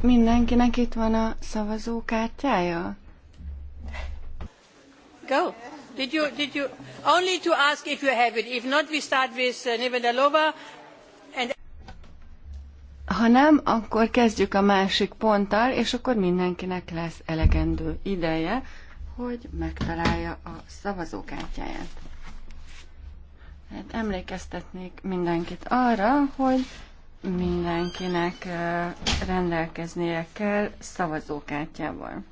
Mindenkinek itt van a szavazókártyája? Go. Did you, did you, only to ask if you have it. If not, we start with uh, And... Ha nem, akkor kezdjük a másik ponttal, és akkor mindenkinek lesz elegendő ideje, hogy megtalálja a szavazókártyáját. Hát emlékeztetnék mindenkit arra, hogy mindenkinek rendelkeznie kell szavazókártyával.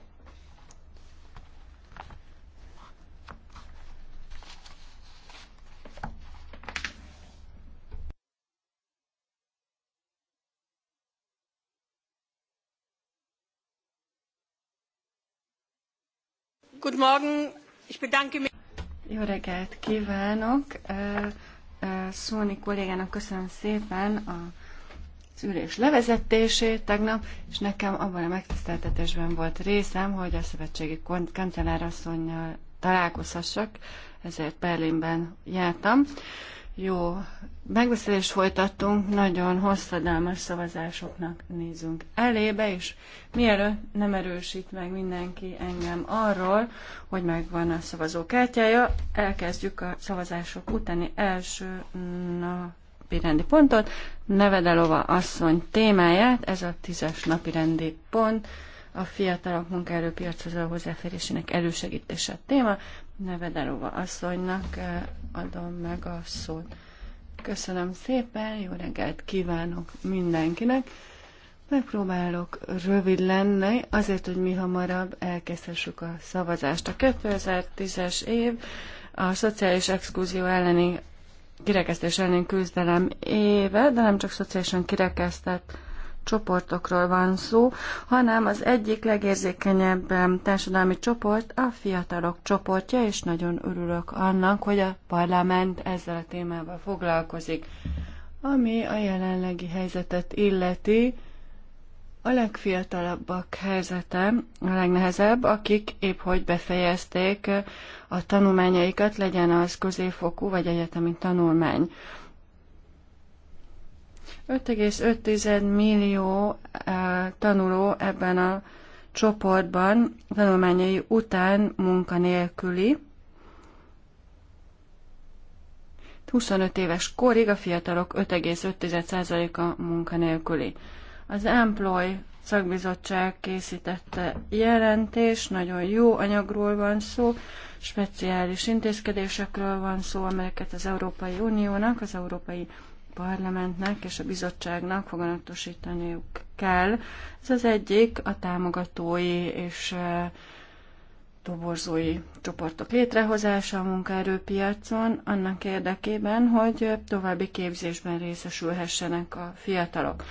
Guten Morgen, ich bedanke mich. Jó reggelt kívánok! Szóni kollégának köszönöm szépen a szülés levezetését tegnap, és nekem abban a megtiszteltetésben volt részem, hogy a szövetségi kancellárasszonynal találkozhassak, ezért Berlinben jártam. Jó, megbeszélést folytattunk, nagyon hosszadalmas szavazásoknak nézünk elébe, és mielőtt nem erősít meg mindenki engem arról, hogy megvan a szavazókártyája, elkezdjük a szavazások utáni első nap napirendi pontot, Nevedelova asszony témáját, ez a tízes napirendi pont, a fiatalok munkaerőpiachoz a hozzáférésének elősegítése a téma. Nevedelova asszonynak eh, adom meg a szót. Köszönöm szépen, jó reggelt kívánok mindenkinek. Megpróbálok rövid lenni, azért, hogy mi hamarabb elkezdhessük a szavazást. A 2010-es év a szociális exkluzió elleni kirekesztés ellen küzdelem éve, de nem csak szociálisan kirekesztett csoportokról van szó, hanem az egyik legérzékenyebb társadalmi csoport a fiatalok csoportja, és nagyon örülök annak, hogy a parlament ezzel a témával foglalkozik. Ami a jelenlegi helyzetet illeti, a legfiatalabbak helyzete a legnehezebb, akik épp hogy befejezték a tanulmányaikat, legyen az középfokú vagy egyetemi tanulmány. 5,5 millió eh, tanuló ebben a csoportban tanulmányai után munkanélküli. 25 éves korig a fiatalok 5,5%-a munkanélküli. Az Employ szakbizottság készítette jelentés, nagyon jó anyagról van szó, speciális intézkedésekről van szó, amelyeket az Európai Uniónak, az Európai Parlamentnek és a bizottságnak foganatosítaniuk kell. Ez az egyik a támogatói és eh, toborzói csoportok létrehozása a munkaerőpiacon annak érdekében, hogy további képzésben részesülhessenek a fiatalok.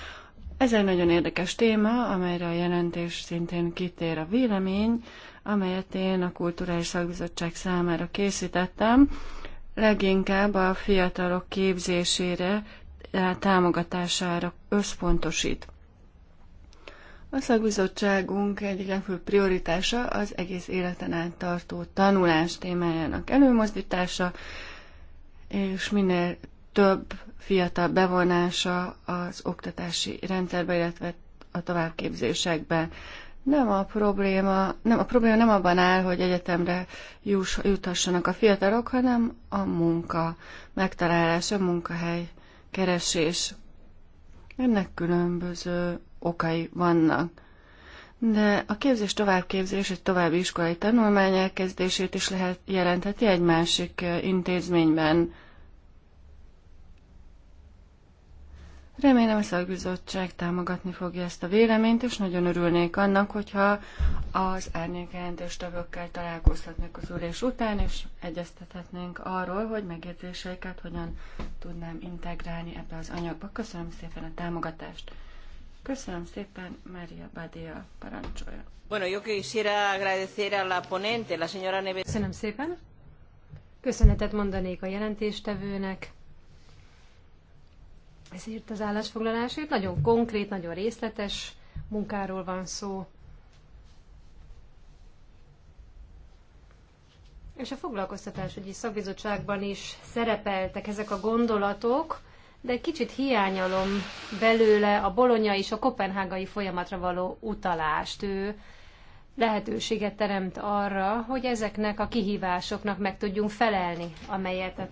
Ez egy nagyon érdekes téma, amelyre a jelentés szintén kitér a vélemény, amelyet én a Kulturális Szakbizottság számára készítettem, leginkább a fiatalok képzésére, eh, támogatására összpontosít. A szakbizottságunk egyik legfőbb prioritása az egész életen át tartó tanulás témájának előmozdítása, és minél több fiatal bevonása az oktatási rendszerbe, illetve a továbbképzésekbe. Nem a probléma, nem, a probléma nem abban áll, hogy egyetemre juss, juthassanak a fiatalok, hanem a munka megtalálása, a munkahely keresés. Ennek különböző okai vannak. De a képzés továbbképzés egy további iskolai tanulmány elkezdését is lehet jelentheti egy másik eh, intézményben. Remélem a szakbizottság támogatni fogja ezt a véleményt, és nagyon örülnék annak, hogyha az árnyékjelentős tagokkal találkozhatnak az ülés után, és egyeztethetnénk arról, hogy megjegyzéseiket hogyan tudnám integrálni ebbe az anyagba. Köszönöm szépen a támogatást. Köszönöm szépen, Maria Badia parancsolja. Bueno, yo quisiera agradecer a la ponente, la señora Neves. Köszönöm szépen. Köszönetet mondanék a jelentéstevőnek ezért az állásfoglalásért. Nagyon konkrét, nagyon részletes munkáról van szó. És a foglalkoztatásügyi szakbizottságban is szerepeltek ezek a gondolatok, de kicsit hiányalom belőle a bolonyai és a kopenhágai folyamatra való utalást. Ő lehetőséget teremt arra, hogy ezeknek a kihívásoknak meg tudjunk felelni, amelyet a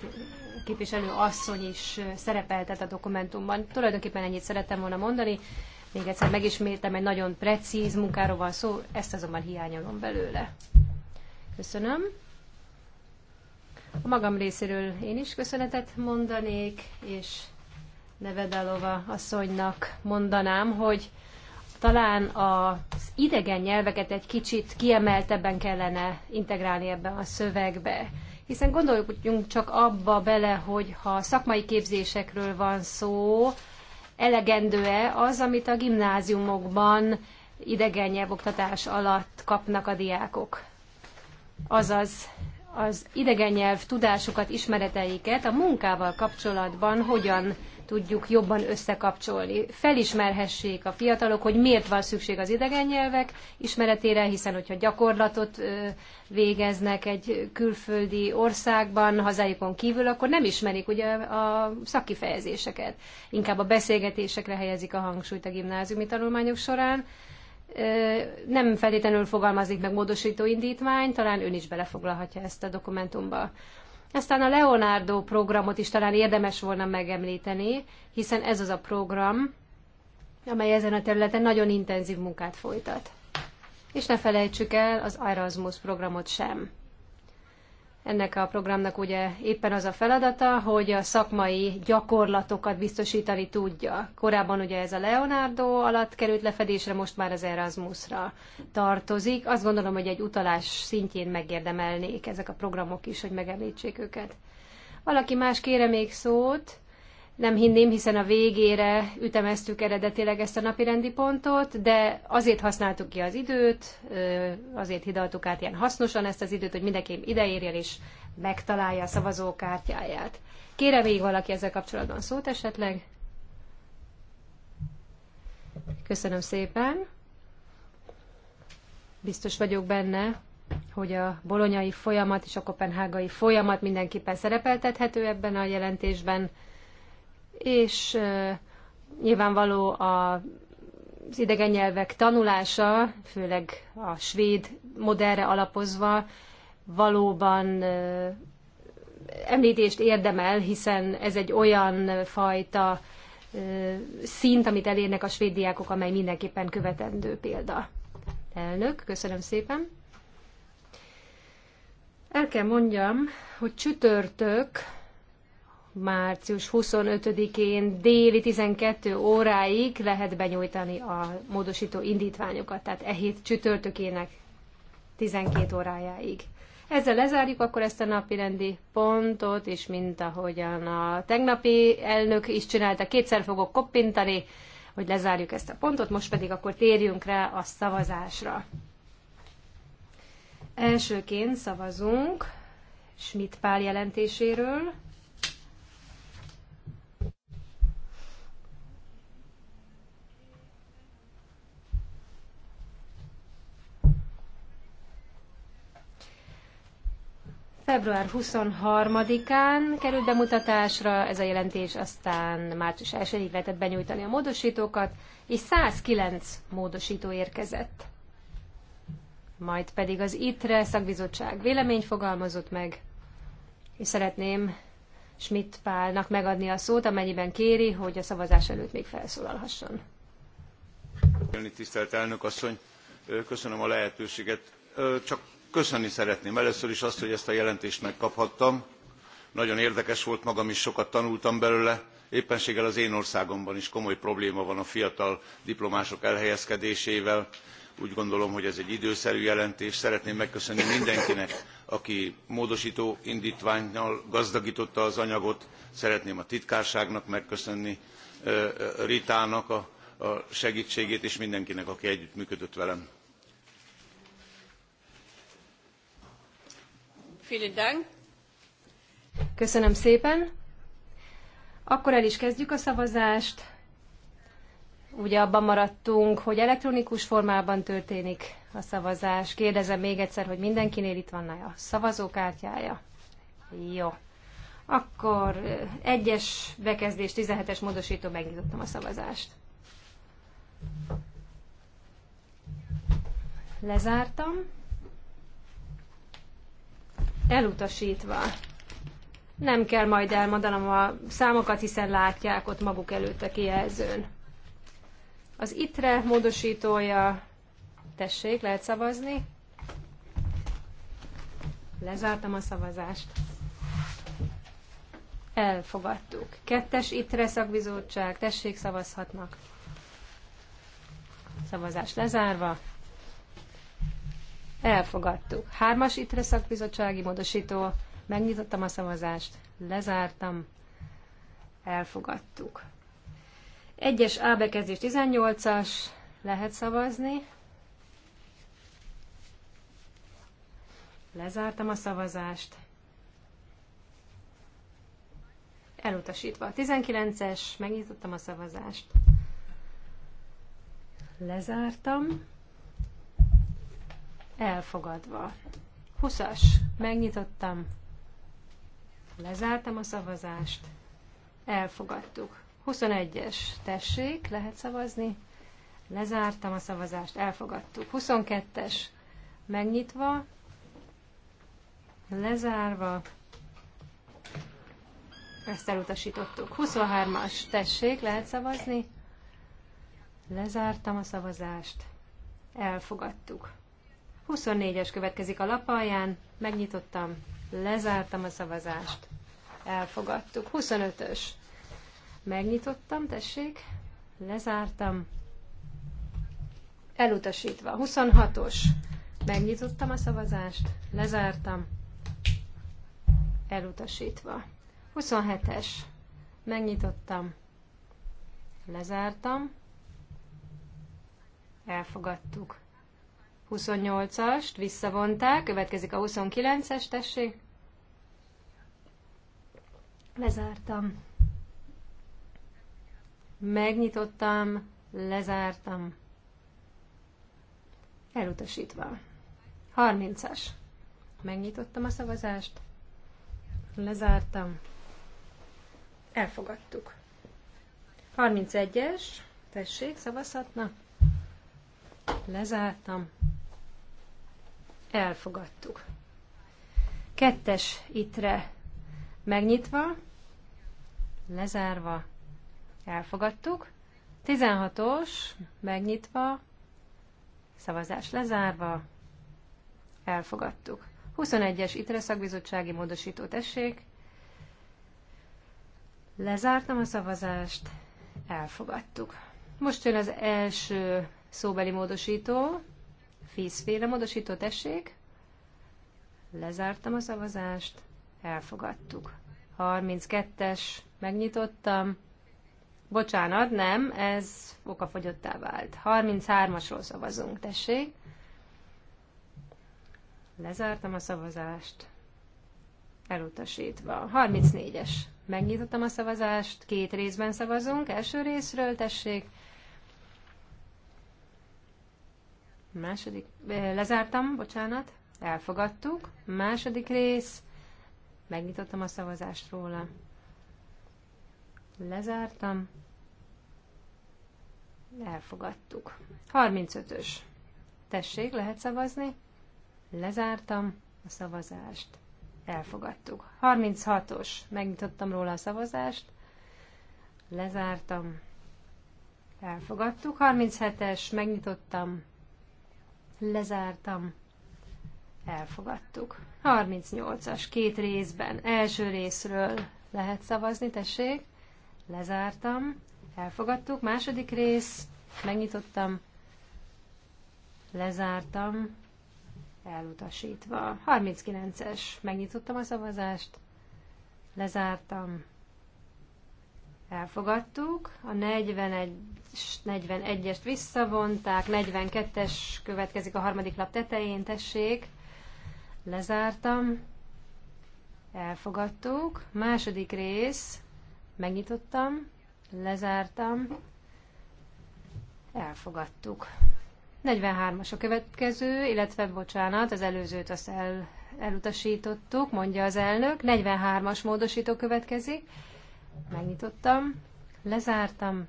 képviselő asszony is szerepeltet a dokumentumban. Tulajdonképpen ennyit szerettem volna mondani. Még egyszer megismétem, egy nagyon precíz munkáról van szó, ezt azonban hiányolom belőle. Köszönöm. A magam részéről én is köszönetet mondanék, és Nevedalova asszonynak mondanám, hogy talán az idegen nyelveket egy kicsit kiemeltebben kellene integrálni ebbe a szövegbe. Hiszen gondoljunk csak abba bele, hogy ha szakmai képzésekről van szó, elegendő-e az, amit a gimnáziumokban idegen nyelvoktatás alatt kapnak a diákok. Azaz az idegen nyelv tudásukat, ismereteiket a munkával kapcsolatban hogyan tudjuk jobban összekapcsolni. Felismerhessék a fiatalok, hogy miért van szükség az idegen nyelvek ismeretére, hiszen hogyha gyakorlatot végeznek egy külföldi országban, hazájukon kívül, akkor nem ismerik ugye a szakifejezéseket. Inkább a beszélgetésekre helyezik a hangsúlyt a gimnáziumi tanulmányok során. Nem feltétlenül fogalmazik meg módosító indítvány, talán ön is belefoglalhatja ezt a dokumentumba. Aztán a Leonardo programot is talán érdemes volna megemlíteni, hiszen ez az a program, amely ezen a területen nagyon intenzív munkát folytat. És ne felejtsük el az Erasmus programot sem. Ennek a programnak ugye éppen az a feladata, hogy a szakmai gyakorlatokat biztosítani tudja. Korábban ugye ez a Leonardo alatt került lefedésre, most már az Erasmusra tartozik. Azt gondolom, hogy egy utalás szintjén megérdemelnék ezek a programok is, hogy megemlítsék őket. Valaki más kére még szót? Nem hinném, hiszen a végére ütemeztük eredetileg ezt a napirendi pontot, de azért használtuk ki az időt, azért hidaltuk át ilyen hasznosan ezt az időt, hogy mindenki ideérjen és megtalálja a szavazókártyáját. Kérem még valaki ezzel kapcsolatban szót esetleg? Köszönöm szépen. Biztos vagyok benne, hogy a bolonyai folyamat és a kopenhágai folyamat mindenképpen szerepeltethető ebben a jelentésben és nyilvánvaló a az idegen nyelvek tanulása, főleg a svéd modellre alapozva, valóban említést érdemel, hiszen ez egy olyan fajta szint, amit elérnek a svéd diákok, amely mindenképpen követendő példa. Elnök, köszönöm szépen. El kell mondjam, hogy csütörtök március 25-én déli 12 óráig lehet benyújtani a módosító indítványokat, tehát e hét csütörtökének 12 órájáig. Ezzel lezárjuk akkor ezt a napi rendi pontot, és mint ahogyan a tegnapi elnök is csinálta, kétszer fogok koppintani, hogy lezárjuk ezt a pontot, most pedig akkor térjünk rá a szavazásra. Elsőként szavazunk Schmidt Pál jelentéséről. Február 23-án került bemutatásra ez a jelentés, aztán március 1-ig lehetett benyújtani a módosítókat, és 109 módosító érkezett. Majd pedig az ITRE szakbizottság vélemény fogalmazott meg, és szeretném Schmidt Pálnak megadni a szót, amennyiben kéri, hogy a szavazás előtt még felszólalhasson. Tisztelt elnök asszony, köszönöm a lehetőséget. Csak köszönni szeretném először is azt hogy ezt a jelentést megkaphattam nagyon érdekes volt magam is sokat tanultam belőle éppenséggel az én országomban is komoly probléma van a fiatal diplomások elhelyezkedésével úgy gondolom hogy ez egy időszerű jelentés szeretném megköszönni mindenkinek aki módostó indtványnal gazdagtotta az anyagot szeretném a titkárságnak megköszönni ritának a segtségét és mindenkinek aki együttműködött velem. Köszönöm szépen. Akkor el is kezdjük a szavazást. Ugye abban maradtunk, hogy elektronikus formában történik a szavazás. Kérdezem még egyszer, hogy mindenkinél itt van a szavazókártyája. Jó. Akkor eh, egyes bekezdés, 17-es módosító, megnyitottam a szavazást. Lezártam elutasítva. Nem kell majd elmondanom a számokat, hiszen látják ott maguk előtt a kijelzőn. Az ITRE módosítója, tessék, lehet szavazni. Lezártam a szavazást. Elfogadtuk. Kettes ITRE szakbizottság, tessék, szavazhatnak. Szavazás lezárva. Elfogadtuk. Hármas ITRE szakbizottsági módosító. Megnyitottam a szavazást, lezártam, elfogadtuk. Egyes A bekezdés 18-as, lehet szavazni. Lezártam a szavazást. Elutasítva a 19-es, megnyitottam a szavazást. Lezártam elfogadva. 20-as, megnyitottam, lezártam a szavazást, elfogadtuk. 21-es, tessék, lehet szavazni, lezártam a szavazást, elfogadtuk. 22-es, megnyitva, lezárva, ezt elutasítottuk. 23-as, tessék, lehet szavazni, lezártam a szavazást, elfogadtuk. 24-es következik a lapalján, megnyitottam, lezártam a szavazást, elfogadtuk. 25-ös, megnyitottam, tessék, lezártam, elutasítva. 26-os, megnyitottam a szavazást, lezártam, elutasítva. 27-es, megnyitottam, lezártam, elfogadtuk. 28-ast visszavonták, következik a 29-es, tessék. Lezártam. Megnyitottam, lezártam. Elutasítva. 30-as. Megnyitottam a szavazást. Lezártam. Elfogadtuk. 31-es. Tessék, szavazhatna. Lezártam elfogadtuk. Kettes itre megnyitva, lezárva, elfogadtuk. 16-os megnyitva, szavazás lezárva, elfogadtuk. 21-es itre szakbizottsági módosító tessék, lezártam a szavazást, elfogadtuk. Most jön az első szóbeli módosító, fészféle módosító, tessék. Lezártam a szavazást, elfogadtuk. 32-es, megnyitottam. Bocsánat, nem, ez okafogyottá vált. 33-asról szavazunk, tessék. Lezártam a szavazást, elutasítva. 34-es, megnyitottam a szavazást, két részben szavazunk, első részről, tessék. Második, lezártam, bocsánat, elfogadtuk. Második rész, megnyitottam a szavazást róla. Lezártam. Elfogadtuk. 35-ös. Tessék, lehet szavazni. Lezártam a szavazást. Elfogadtuk. 36-os. Megnyitottam róla a szavazást. Lezártam. Elfogadtuk. 37-es. Megnyitottam. Lezártam. Elfogadtuk. 38-as, két részben. Első részről lehet szavazni, tessék. Lezártam. Elfogadtuk. Második rész. Megnyitottam. Lezártam. Elutasítva. 39-es. Megnyitottam a szavazást. Lezártam elfogadtuk, a 41, 41-est visszavonták, 42-es következik a harmadik lap tetején, tessék, lezártam, elfogadtuk, második rész, megnyitottam, lezártam, elfogadtuk. 43-as a következő, illetve bocsánat, az előzőt azt el, elutasítottuk, mondja az elnök. 43-as módosító következik megnyitottam, lezártam,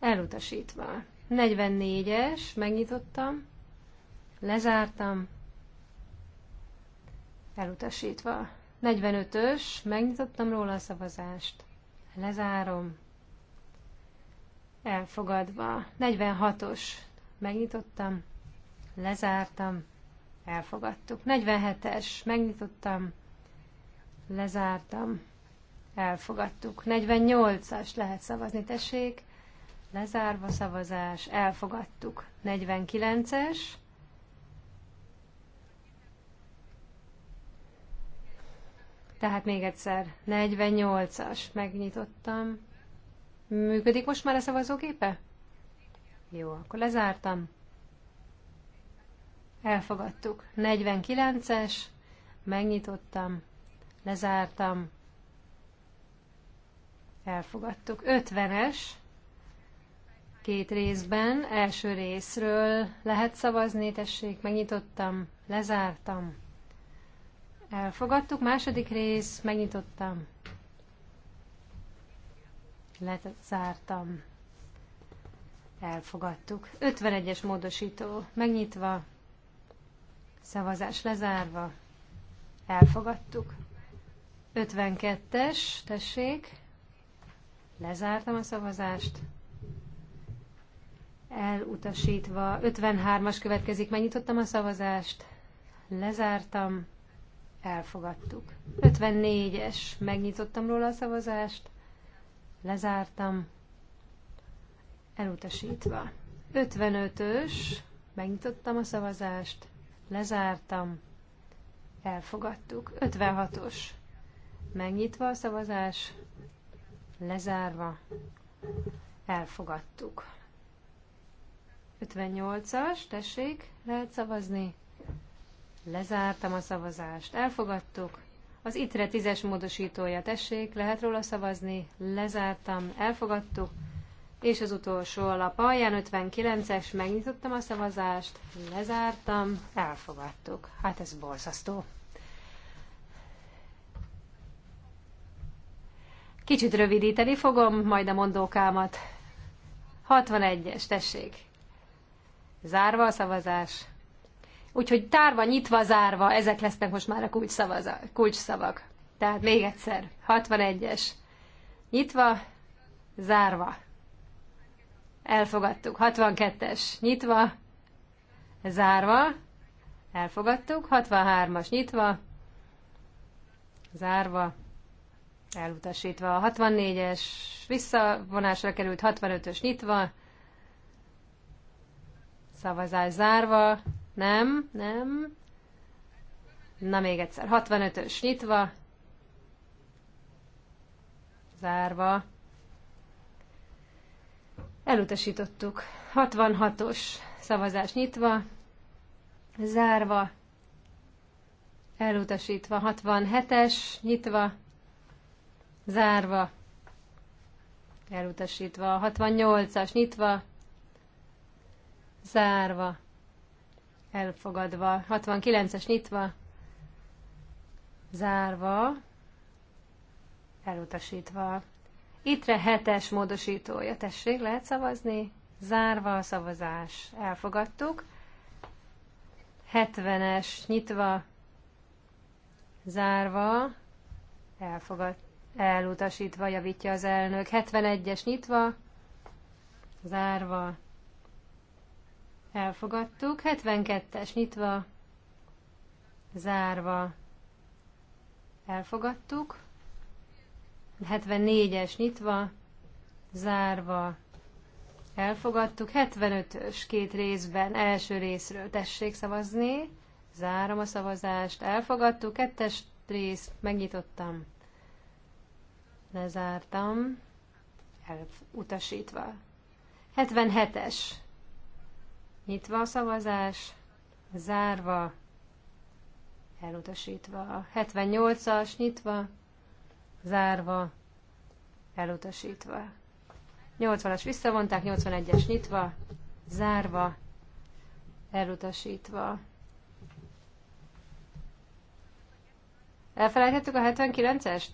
elutasítva. 44-es, megnyitottam, lezártam, elutasítva. 45-ös, megnyitottam róla a szavazást, lezárom, elfogadva. 46-os, megnyitottam, lezártam, elfogadtuk. 47-es, megnyitottam, Lezártam. Elfogadtuk. 48-as lehet szavazni, tessék. Lezárva szavazás. Elfogadtuk. 49-es. Tehát még egyszer, 48-as, megnyitottam. Működik most már a szavazógépe? Jó, akkor lezártam. Elfogadtuk. 49-es, megnyitottam. Lezártam. Elfogadtuk. 50-es. Két részben. Első részről lehet szavazni, tessék, megnyitottam, lezártam. Elfogadtuk. Második rész, megnyitottam. Lezártam. Elfogadtuk. 51-es módosító, megnyitva. Szavazás lezárva. Elfogadtuk. 52-es, tessék. Lezártam a szavazást. Elutasítva. 53-as következik. Megnyitottam a szavazást. Lezártam. Elfogadtuk. 54-es. Megnyitottam róla a szavazást. Lezártam. Elutasítva. 55-ös. Megnyitottam a szavazást. Lezártam. Elfogadtuk. 56-os. Megnyitva a szavazás, lezárva, elfogadtuk. 58-as, tessék, lehet szavazni. Lezártam a szavazást, elfogadtuk. Az ITRE 10-es módosítója, tessék, lehet róla szavazni, lezártam, elfogadtuk. És az utolsó lap alján 59-es, megnyitottam a szavazást, lezártam, elfogadtuk. Hát ez borzasztó. Kicsit rövidíteni fogom, majd a mondókámat. 61-es, tessék. Zárva a szavazás. Úgyhogy tárva, nyitva, zárva, ezek lesznek most már a kulcs, kulcs szavak. Tehát még egyszer, 61-es. Nyitva, zárva. Elfogadtuk. 62-es, nyitva, zárva. Elfogadtuk. 63-as, nyitva, zárva elutasítva. A 64-es visszavonásra került, 65-ös nyitva, szavazás zárva, nem, nem. Na még egyszer, 65-ös nyitva, zárva. Elutasítottuk. 66-os szavazás nyitva, zárva, elutasítva. 67-es nyitva, Zárva. Elutasítva. 68-as nyitva. Zárva. Elfogadva. 69-es nyitva. Zárva. Elutasítva. Ittre hetes módosítója. Tessék, lehet szavazni? Zárva a szavazás. Elfogadtuk. 70-es nyitva. Zárva. Elfogadt elutasítva javítja az elnök. 71-es nyitva, zárva, elfogadtuk. 72-es nyitva, zárva, elfogadtuk. 74-es nyitva, zárva, elfogadtuk. 75-ös két részben, első részről tessék szavazni. Zárom a szavazást, elfogadtuk. Kettes rész, megnyitottam Lezártam. Elutasítva. 77-es. Nyitva a szavazás. Zárva. Elutasítva. 78-as. Nyitva. Zárva. Elutasítva. 80-as visszavonták, 81-es nyitva, zárva, elutasítva. Elfelejthettük a 79-est?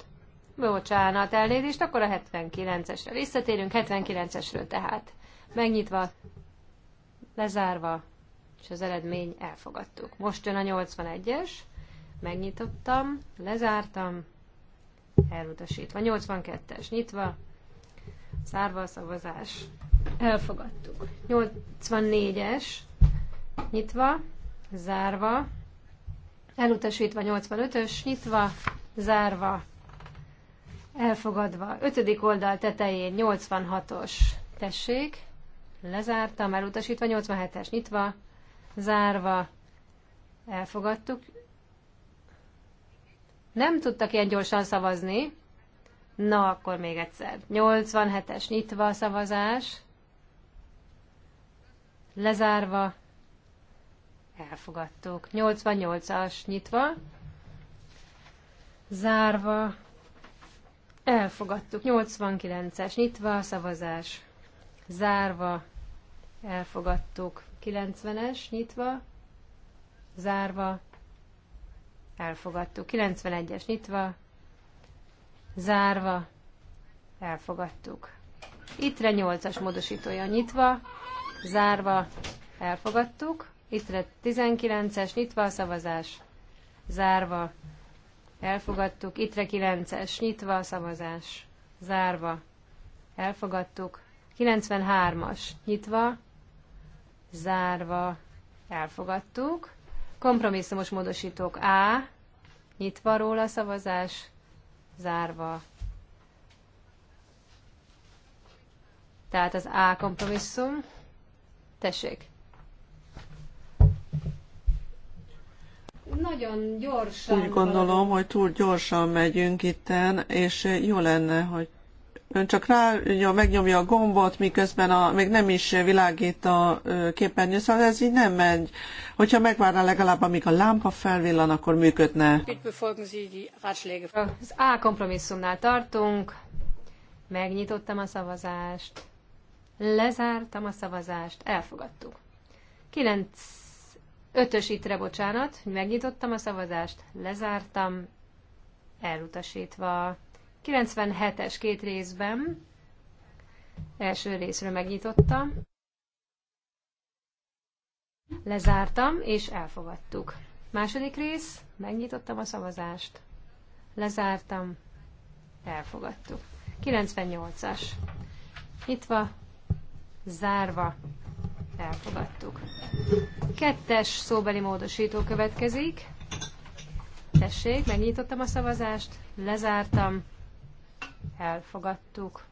Bocsánat, elnézést, akkor a 79-esre. Visszatérünk 79-esről tehát. Megnyitva, lezárva, és az eredmény elfogadtuk. Most jön a 81-es, megnyitottam, lezártam, elutasítva. 82-es nyitva, zárva a szavazás, elfogadtuk. 84-es nyitva, zárva, elutasítva 85-ös, nyitva, zárva, Elfogadva. Ötödik oldal tetején 86-os. Tessék. Lezártam, elutasítva. 87-es nyitva. Zárva. Elfogadtuk. Nem tudtak ilyen gyorsan szavazni. Na, akkor még egyszer. 87-es nyitva a szavazás. Lezárva. Elfogadtuk. 88-as nyitva. Zárva Elfogadtuk. 89-es nyitva a szavazás. Zárva. Elfogadtuk. 90-es nyitva. Zárva. Elfogadtuk. 91-es nyitva. Zárva. Elfogadtuk. Ittre 8-as módosítója nyitva. Zárva. Elfogadtuk. Ittre 19-es nyitva a szavazás. Zárva elfogadtuk. Itre 9-es, nyitva a szavazás, zárva, elfogadtuk. 93-as, nyitva, zárva, elfogadtuk. Kompromisszumos módosítók A, nyitva róla szavazás, zárva. Tehát az A kompromisszum. Tessék. nagyon gyorsan... Úgy gondolom, hogy túl gyorsan megyünk itten, és jó lenne, hogy ön csak rá megnyomja a gombot, miközben a, még nem is világít a képernyő, szóval ez így nem megy. Hogyha megvárna legalább, amíg a lámpa felvillan, akkor működne. Az A kompromisszumnál tartunk. Megnyitottam a szavazást. Lezártam a szavazást. Elfogadtuk. 9 Ötös itre, bocsánat, megnyitottam a szavazást, lezártam, elutasítva. 97-es két részben, első részről megnyitottam, lezártam, és elfogadtuk. Második rész, megnyitottam a szavazást, lezártam, elfogadtuk. 98-as. Nyitva, zárva, elfogadtuk. Kettes szóbeli módosító következik. Tessék, megnyitottam a szavazást, lezártam, elfogadtuk.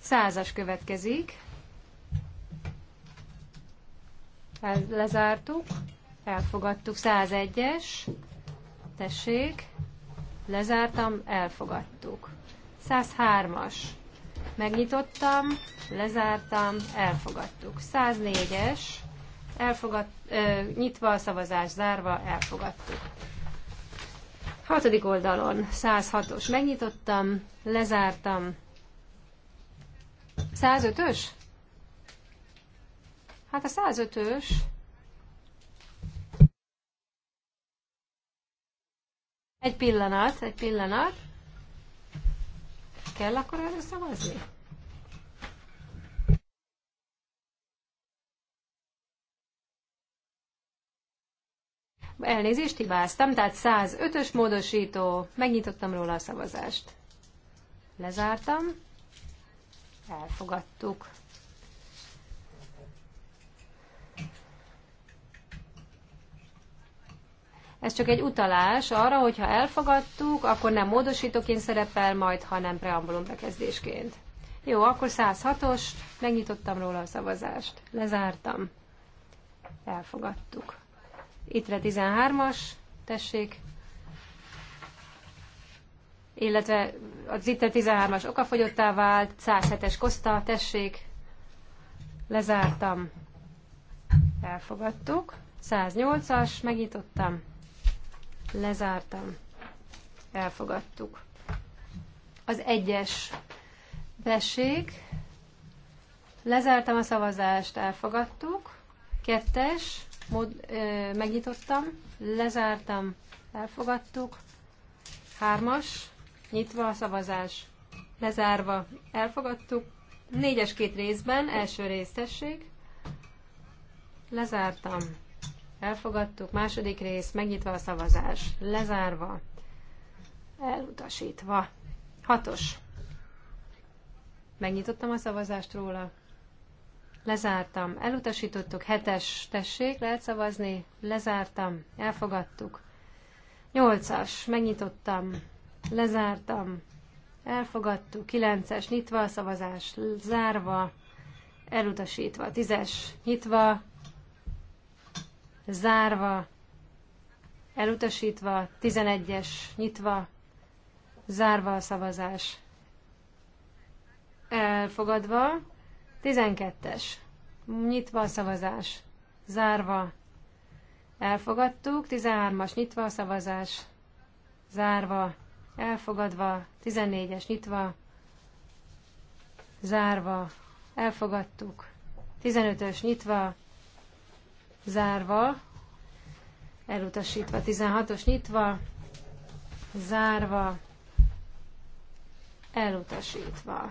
Százas következik. El, lezártuk, elfogadtuk. 101-es, tessék, lezártam, elfogadtuk. 103-as, Megnyitottam, lezártam, elfogadtuk. 104-es, elfogad, ö, nyitva a szavazás, zárva, elfogadtuk. Hatodik oldalon 106-os megnyitottam, lezártam. 105-ös? Hát a 105-ös egy pillanat, egy pillanat kell akkor erre szavazni? Elnézést hibáztam, tehát 105-ös módosító, megnyitottam róla a szavazást. Lezártam, elfogadtuk. Ez csak egy utalás arra, hogyha elfogadtuk, akkor nem módosítóként szerepel majd, hanem preambulum bekezdésként. Jó, akkor 106-os, megnyitottam róla a szavazást. Lezártam. Elfogadtuk. Ittre 13-as, tessék. Illetve az Ittre 13-as okafogyottá vált, 107-es koszta, tessék. Lezártam. Elfogadtuk. 108-as, megnyitottam Lezártam. Elfogadtuk. Az egyes vessék. Lezártam a szavazást, elfogadtuk. Kettes, mod, ö, megnyitottam, lezártam, elfogadtuk. Hármas, nyitva a szavazás, lezárva, elfogadtuk. Négyes két részben, első részesség. Lezártam, Elfogadtuk. Második rész, megnyitva a szavazás. Lezárva. Elutasítva. Hatos. Megnyitottam a szavazást róla. Lezártam. Elutasítottuk. Hetes. Tessék, lehet szavazni. Lezártam. Elfogadtuk. Nyolcas. Megnyitottam. Lezártam. Elfogadtuk. Kilences. Nyitva a szavazás. Zárva. Elutasítva. Tízes. Nyitva zárva, elutasítva, 11-es nyitva, zárva a szavazás, elfogadva, 12-es nyitva a szavazás, zárva, elfogadtuk, 13-as nyitva a szavazás, zárva, elfogadva, 14-es nyitva, zárva, elfogadtuk, 15-ös nyitva, zárva, elutasítva, 16-os nyitva, zárva, elutasítva.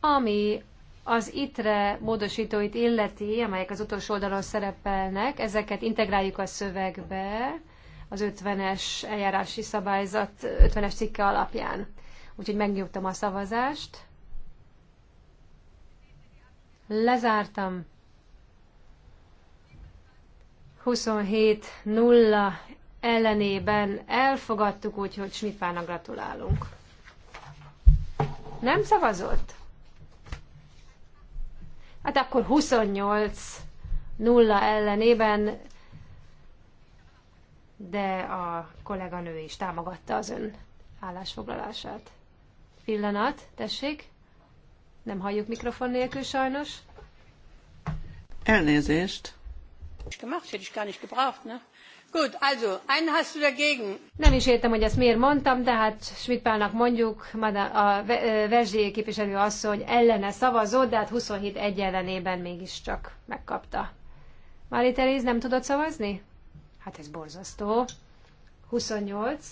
Ami az ITRE módosítóit illeti, amelyek az utolsó oldalon szerepelnek, ezeket integráljuk a szövegbe, az 50-es eljárási szabályzat 50-es cikke alapján. Úgyhogy megnyugtam a szavazást. Lezártam. 27-0 ellenében elfogadtuk, úgyhogy Smitvának gratulálunk. Nem szavazott? Hát akkor 28 nulla ellenében de a kolléganő is támogatta az ön állásfoglalását. Pillanat, tessék. Nem halljuk mikrofon nélkül sajnos. Elnézést. Nem is értem, hogy ezt miért mondtam, de hát Schmidtpálnak mondjuk, a Verzsé képviselő asszony ellene szavazott, de hát 27 egy ellenében mégiscsak megkapta. Mári Teréz nem tudott szavazni? Hát ez borzasztó. 28,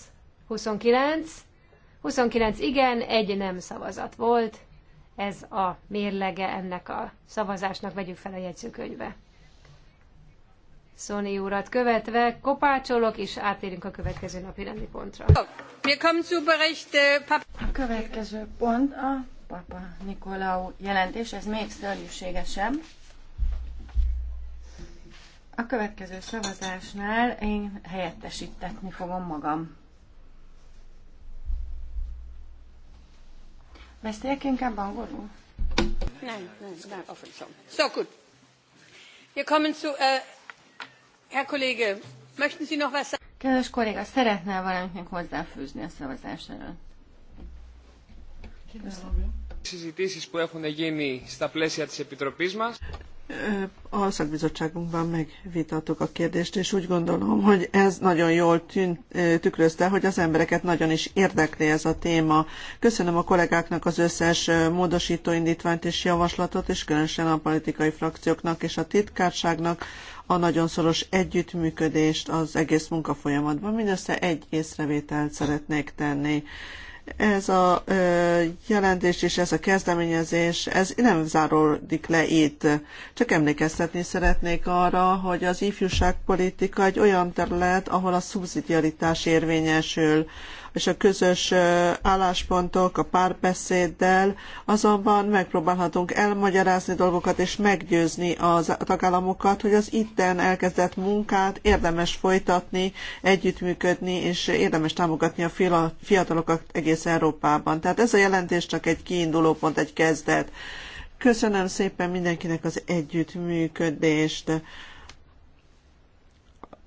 29, 29 igen, egy nem szavazat volt. Ez a mérlege ennek a szavazásnak, vegyük fel a jegyzőkönyvbe. Szóni urat követve kopácsolok, és átérünk a következő napi rendi pontra. Äh, a következő pont a Papa Nikolau jelentés, ez még szörnyűségesebb. A következő szavazásnál én helyettesítetni fogom magam. Beszéljek inkább angolul? Nem, nem, nem, so. so gut. Wir kommen zu, äh, Herr Kollege, möchten Sie noch was sagen? Kedves kolléga, szeretnél valamit még hozzáfűzni a szavazás előtt? Köszönöm a szakbizottságunkban megvitattuk a kérdést, és úgy gondolom, hogy ez nagyon jól tűnt, tükrözte, hogy az embereket nagyon is érdekli ez a téma. Köszönöm a kollégáknak az összes módosító indítványt és javaslatot, és különösen a politikai frakcióknak és a titkárságnak a nagyon szoros együttműködést az egész munkafolyamatban. Mindössze egy észrevételt szeretnék tenni. Ez a jelentés és ez a kezdeményezés, ez nem záródik le itt. Csak emlékeztetni szeretnék arra, hogy az ifjúságpolitika egy olyan terület, ahol a szubszidiaritás érvényesül és a közös álláspontok, a párbeszéddel, azonban megpróbálhatunk elmagyarázni dolgokat és meggyőzni a tagállamokat, hogy az itten elkezdett munkát érdemes folytatni, együttműködni, és érdemes támogatni a fiatalokat egész Európában. Tehát ez a jelentés csak egy kiinduló pont, egy kezdet. Köszönöm szépen mindenkinek az együttműködést.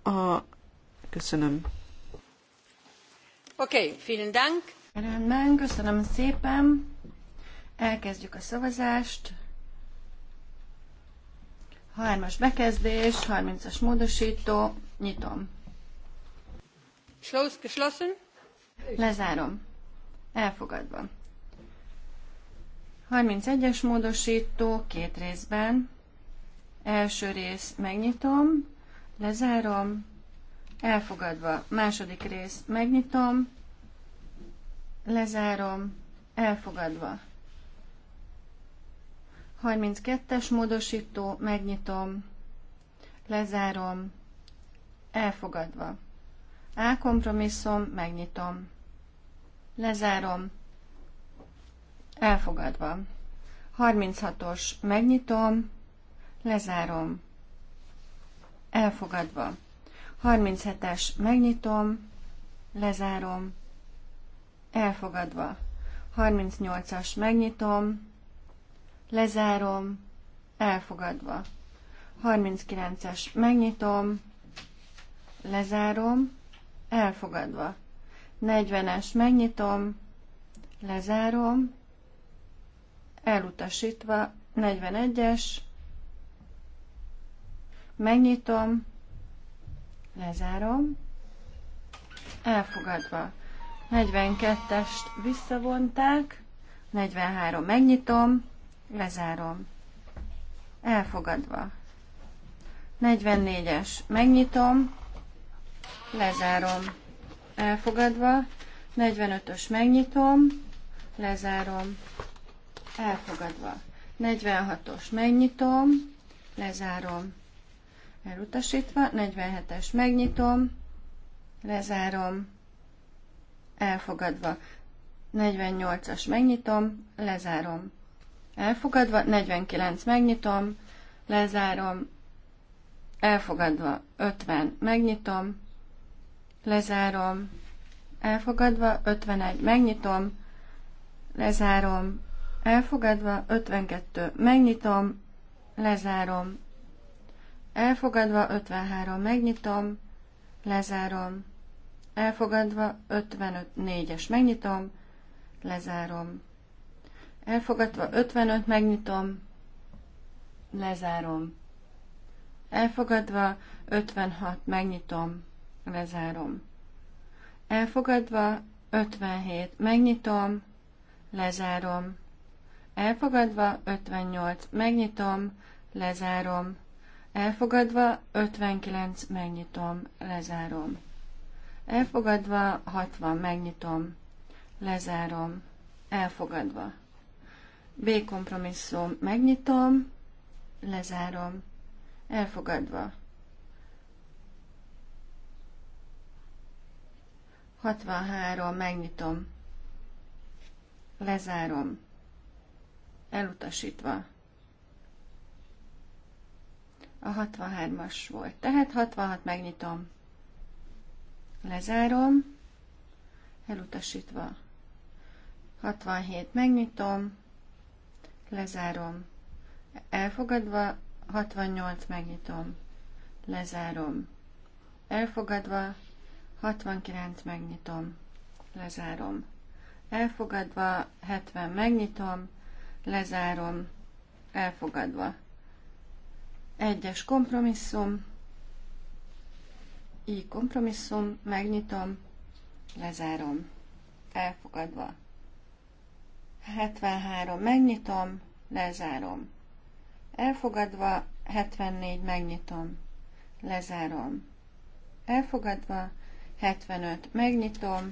A... Köszönöm okay, vielen Dank. Rendben, köszönöm szépen. Elkezdjük a szavazást. Hármas bekezdés, 30-as módosító, nyitom. Schloss geschlossen. Lezárom. Elfogadva. 31-es módosító két részben. Első rész megnyitom, lezárom, Elfogadva. Második rész. Megnyitom. Lezárom. Elfogadva. 32-es módosító. Megnyitom. Lezárom. Elfogadva. A kompromisszum. Megnyitom. Lezárom. Elfogadva. 36-os. Megnyitom. Lezárom. Elfogadva. 37-es megnyitom, lezárom, elfogadva. 38-as megnyitom, lezárom, elfogadva. 39-es megnyitom, lezárom, elfogadva. 40-es megnyitom, lezárom, elutasítva. 41-es, megnyitom, Lezárom. Elfogadva. 42-est visszavonták. 43 megnyitom. Lezárom. Elfogadva. 44-es megnyitom. Lezárom. Elfogadva. 45-ös megnyitom. Lezárom. Elfogadva. 46-os megnyitom. Lezárom elutasítva, 47-es megnyitom, lezárom, elfogadva, 48-as megnyitom, lezárom, elfogadva, 49 megnyitom, lezárom, elfogadva, 50 megnyitom, lezárom, elfogadva, 51 megnyitom, lezárom, elfogadva, 52 megnyitom, lezárom, Elfogadva 53 megnyitom, lezárom. Elfogadva 54-es megnyitom, lezárom. Elfogadva 55 megnyitom, lezárom. Elfogadva 56 megnyitom, lezárom. Elfogadva 57 megnyitom, lezárom. Elfogadva 58 megnyitom, lezárom. Elfogadva 59 megnyitom, lezárom. Elfogadva 60 megnyitom, lezárom. Elfogadva. B kompromisszum megnyitom, lezárom. Elfogadva. 63 megnyitom, lezárom. Elutasítva. A 63-as volt. Tehát 66 megnyitom. Lezárom. Elutasítva. 67 megnyitom. Lezárom. Elfogadva. 68 megnyitom. Lezárom. Elfogadva. 69 megnyitom. Lezárom. Elfogadva. 70 megnyitom. Lezárom. Elfogadva. Egyes kompromisszum, így kompromisszum, megnyitom, lezárom, elfogadva. 73 megnyitom, lezárom. Elfogadva, 74 megnyitom, lezárom. Elfogadva, 75 megnyitom,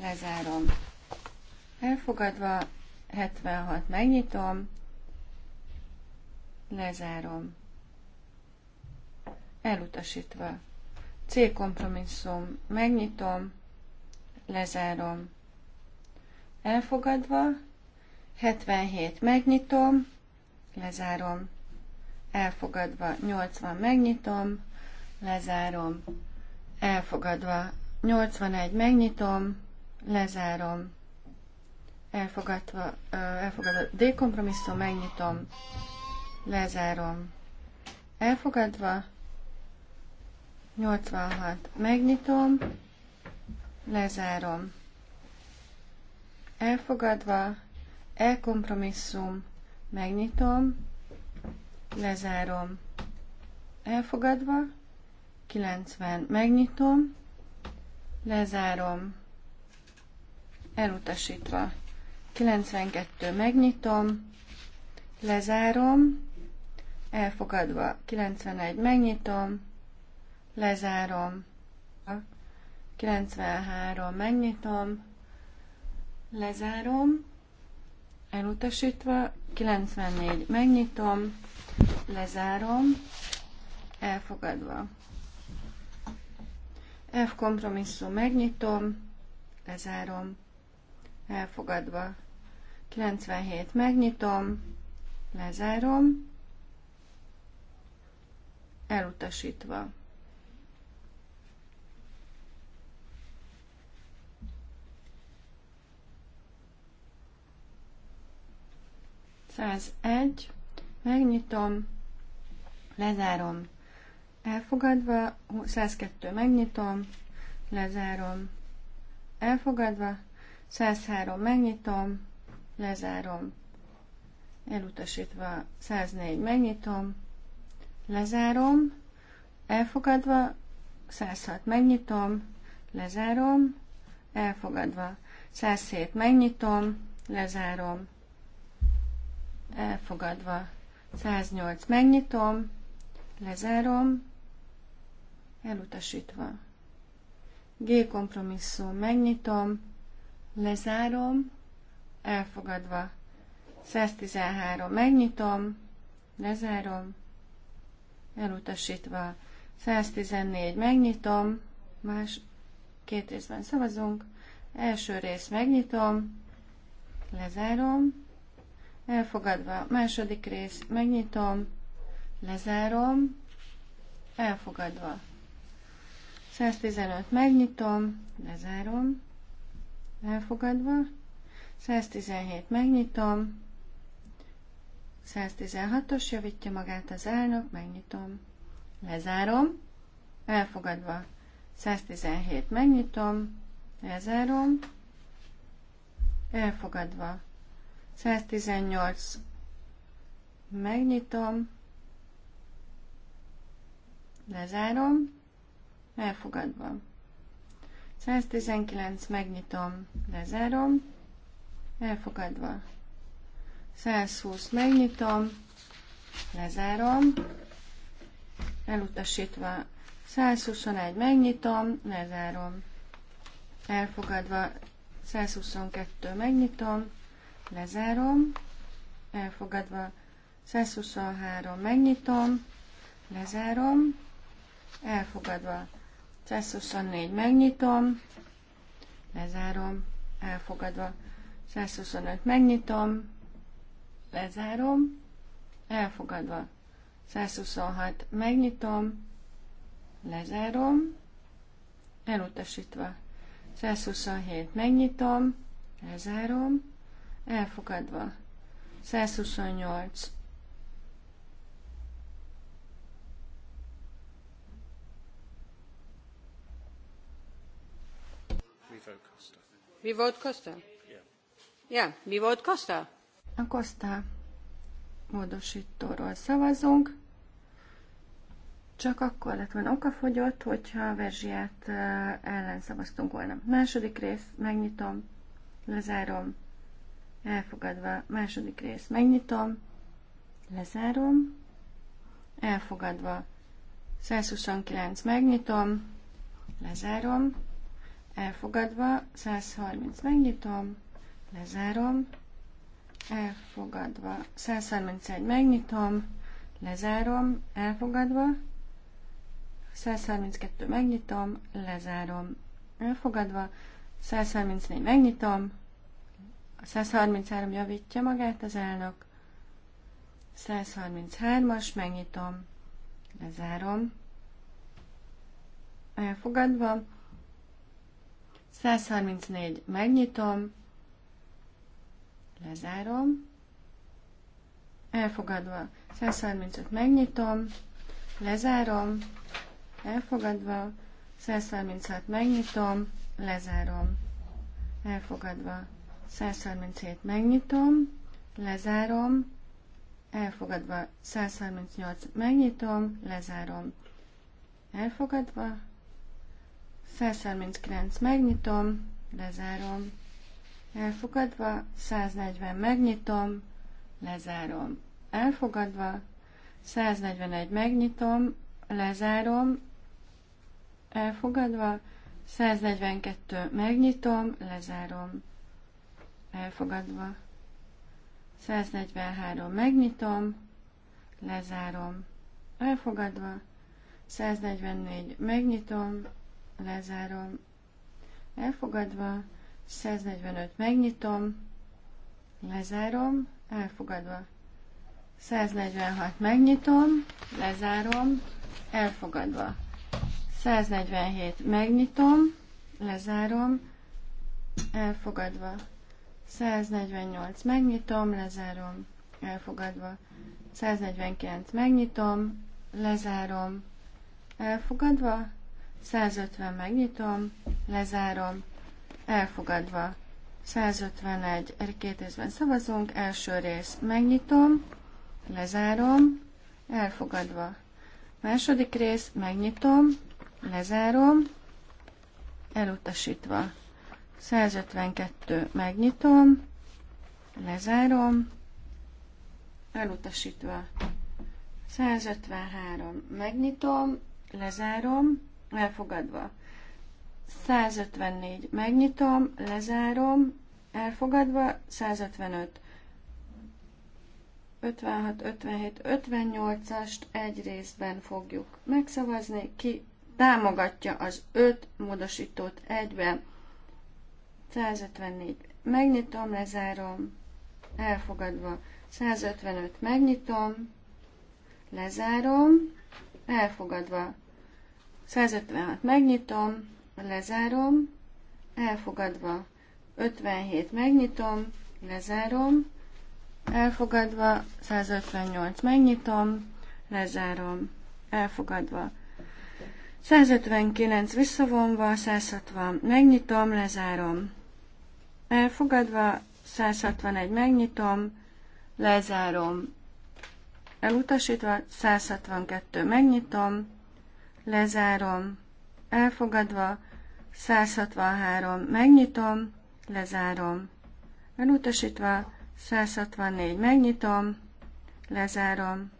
lezárom. Elfogadva, 76 megnyitom, lezárom elutasítva. C kompromisszum, megnyitom, lezárom. Elfogadva, 77 megnyitom, lezárom. Elfogadva, 80 megnyitom, lezárom. Elfogadva, 81 megnyitom, lezárom. Elfogadva, elfogadva, D kompromisszum, megnyitom, lezárom. Elfogadva, 86. Megnyitom, lezárom. Elfogadva, elkompromisszum, megnyitom, lezárom. Elfogadva, 90. Megnyitom, lezárom. Elutasítva. 92. Megnyitom, lezárom. Elfogadva. 91. Megnyitom, lezárom. 93, megnyitom, lezárom, elutasítva, 94, megnyitom, lezárom, elfogadva. F kompromisszum, megnyitom, lezárom, elfogadva. 97, megnyitom, lezárom, elutasítva. 101, megnyitom, lezárom, elfogadva, 102, megnyitom, lezárom, elfogadva, 103, megnyitom, lezárom, elutasítva, 104, megnyitom, lezárom, elfogadva, 106, megnyitom, lezárom, elfogadva, 107, megnyitom, lezárom, elfogadva. 108 megnyitom, lezárom, elutasítva. G kompromisszum megnyitom, lezárom, elfogadva. 113 megnyitom, lezárom, elutasítva. 114 megnyitom, más két részben szavazunk. Első rész megnyitom, lezárom, Elfogadva. Második rész. Megnyitom. Lezárom. Elfogadva. 115. Megnyitom. Lezárom. Elfogadva. 117. Megnyitom. 116-os javítja magát az elnök. Megnyitom. Lezárom. Elfogadva. 117. Megnyitom. Lezárom. Elfogadva. 118. Megnyitom. Lezárom. Elfogadva. 119. Megnyitom. Lezárom. Elfogadva. 120. Megnyitom. Lezárom. Elutasítva. 121. Megnyitom. Lezárom. Elfogadva. 122. Megnyitom lezárom, elfogadva 123 megnyitom, lezárom, elfogadva 124 megnyitom, lezárom, elfogadva 125 megnyitom, lezárom, elfogadva 126 megnyitom, lezárom, elutasítva 127 megnyitom, lezárom, Elfogadva. 128. Mi volt Costa? Yeah. yeah. Mi volt Costa? A Costa módosítóról szavazunk. Csak akkor lett volna okafogyott, hogyha a verziát ellen szavaztunk volna. Második rész, megnyitom, lezárom. Elfogadva. Második rész. Megnyitom. Lezárom. Elfogadva. 129. Megnyitom. Lezárom. Elfogadva. 130. Megnyitom. Lezárom. Elfogadva. 131. Megnyitom. Lezárom. Elfogadva. 132. Megnyitom. Lezárom. Elfogadva. 134. Megnyitom a 133 javítja magát az elnök. 133-as, megnyitom, lezárom. Elfogadva. 134, megnyitom, lezárom. Elfogadva. 135, megnyitom, lezárom. Elfogadva. 136, megnyitom, lezárom. Elfogadva. 137 megnyitom, lezárom, elfogadva 138 megnyitom, lezárom, elfogadva, 139 megnyitom, lezárom, elfogadva, 140 megnyitom, lezárom, elfogadva, 141 megnyitom, lezárom, elfogadva, 142 megnyitom, lezárom, elfogadva. 143 megnyitom, lezárom, elfogadva. 144 megnyitom, lezárom, elfogadva. 145 megnyitom, lezárom, elfogadva. 146 megnyitom, lezárom, elfogadva. 147 megnyitom, lezárom, elfogadva. 148 megnyitom, lezárom, elfogadva. 149 megnyitom, lezárom, elfogadva. 150 megnyitom, lezárom, elfogadva. 151 két részben szavazunk, első rész megnyitom, lezárom, elfogadva. Második rész megnyitom, lezárom, elutasítva. 152 megnyitom, lezárom, elutasítva. 153 megnyitom, lezárom, elfogadva. 154 megnyitom, lezárom, elfogadva. 155 56, 57, 58-ast egy részben fogjuk megszavazni, ki támogatja az öt módosítót egyben 154. Megnyitom, lezárom, elfogadva. 155. Megnyitom, lezárom, elfogadva. 156. Megnyitom, lezárom, elfogadva. 57. Megnyitom, lezárom, elfogadva. 158. Megnyitom, lezárom, elfogadva. 159 visszavonva, 160, megnyitom, lezárom, Elfogadva 161 megnyitom, lezárom. Elutasítva 162 megnyitom, lezárom. Elfogadva 163 megnyitom, lezárom. Elutasítva 164 megnyitom, lezárom.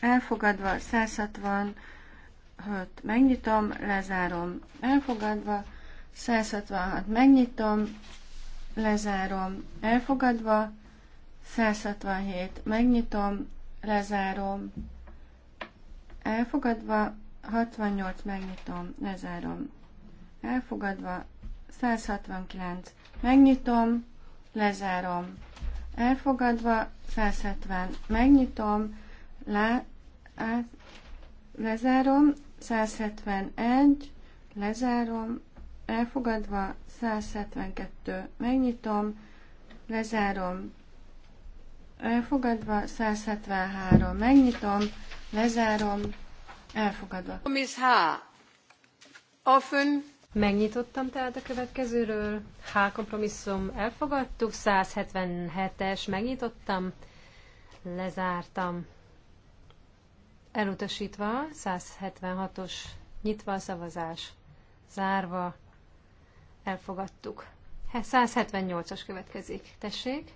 Elfogadva 165 megnyitom, lezárom. Elfogadva 166 megnyitom, lezárom, elfogadva, 167, megnyitom, lezárom, elfogadva, 68, megnyitom, lezárom, elfogadva, 169, megnyitom, lezárom, elfogadva, 170, megnyitom, lá, át, lezárom, 171, lezárom, elfogadva, 172 megnyitom, lezárom, elfogadva, 173 megnyitom, lezárom, elfogadva. Miss H. Offen. Megnyitottam tehát a következőről. H kompromisszum elfogadtuk, 177-es megnyitottam, lezártam. Elutasítva, 176-os nyitva a szavazás, zárva, elfogadtuk. 178-as következik. Tessék,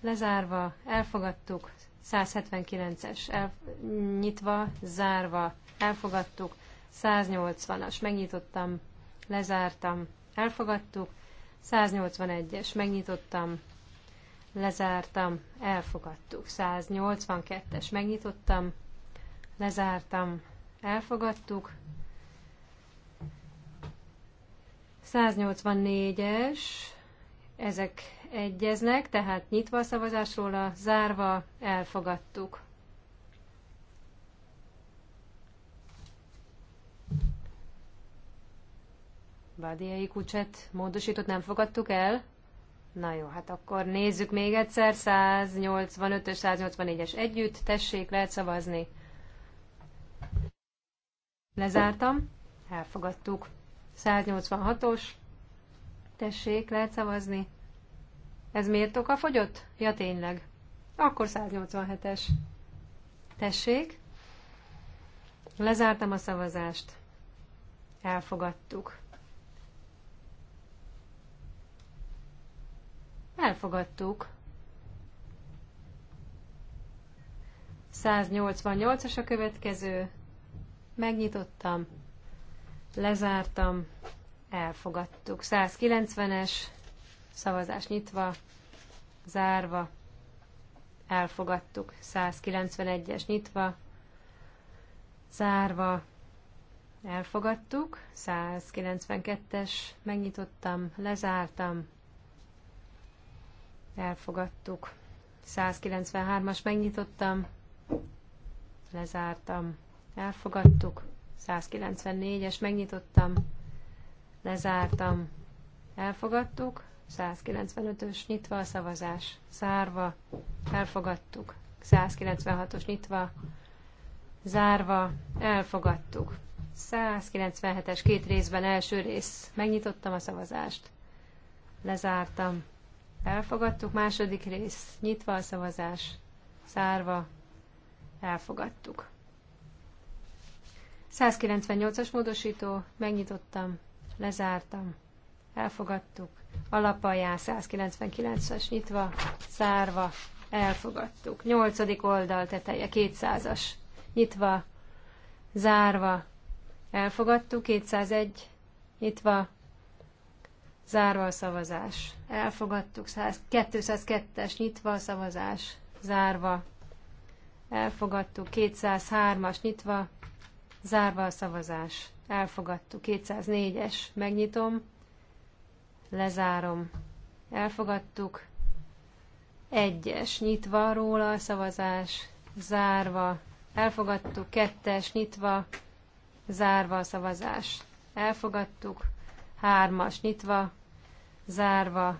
lezárva, elfogadtuk. 179-es, el, nyitva, zárva, elfogadtuk. 180-as, megnyitottam, lezártam, elfogadtuk. 181-es, megnyitottam, lezártam, elfogadtuk. 182-es, megnyitottam, lezártam, elfogadtuk. 184-es, ezek egyeznek, tehát nyitva a szavazásról, a zárva elfogadtuk. Badiai kucset módosított nem fogadtuk el? Na jó, hát akkor nézzük még egyszer. 185-ös, 184-es együtt. Tessék, lehet szavazni. Lezártam. Elfogadtuk. 186-os. Tessék, lehet szavazni. Ez miért oka fogyott? Ja, tényleg. Akkor 187-es. Tessék. Lezártam a szavazást. Elfogadtuk. Elfogadtuk. 188-as a következő. Megnyitottam. Lezártam, elfogadtuk. 190-es, szavazás nyitva, zárva, elfogadtuk. 191-es nyitva, zárva, elfogadtuk. 192-es, megnyitottam, lezártam, elfogadtuk. 193-as megnyitottam, lezártam, elfogadtuk. 194-es, megnyitottam, lezártam, elfogadtuk. 195-ös nyitva a szavazás, zárva, elfogadtuk. 196-os nyitva, zárva, elfogadtuk. 197-es két részben első rész. Megnyitottam a szavazást. Lezártam. Elfogadtuk. Második rész. Nyitva a szavazás. Zárva. Elfogadtuk. 198-as módosító, megnyitottam, lezártam, elfogadtuk. Alapaján 199-as nyitva, zárva, elfogadtuk. 8. oldal teteje 200-as nyitva, zárva, elfogadtuk. 201 nyitva, zárva a szavazás. Elfogadtuk. 202-es nyitva a szavazás, zárva. Elfogadtuk. 203-as nyitva, Zárva a szavazás. Elfogadtuk. 204-es. Megnyitom. Lezárom. Elfogadtuk. Egyes. Nyitva róla a szavazás. Zárva. Elfogadtuk. 2-es. Nyitva. Zárva a szavazás. Elfogadtuk. Hármas. Nyitva. Zárva.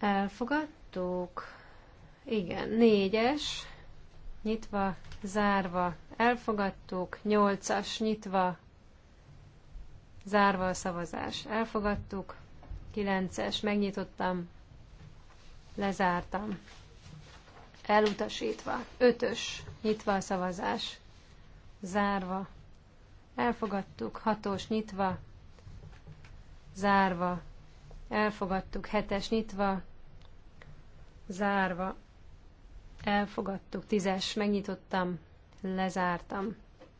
Elfogadtuk. Igen. Négyes. Nyitva. Zárva elfogadtuk, nyolcas nyitva, zárva a szavazás, elfogadtuk, kilences megnyitottam, lezártam, elutasítva, ötös nyitva a szavazás, zárva, elfogadtuk, hatos nyitva, zárva, elfogadtuk, hetes nyitva, zárva, elfogadtuk, tízes megnyitottam, Lezártam.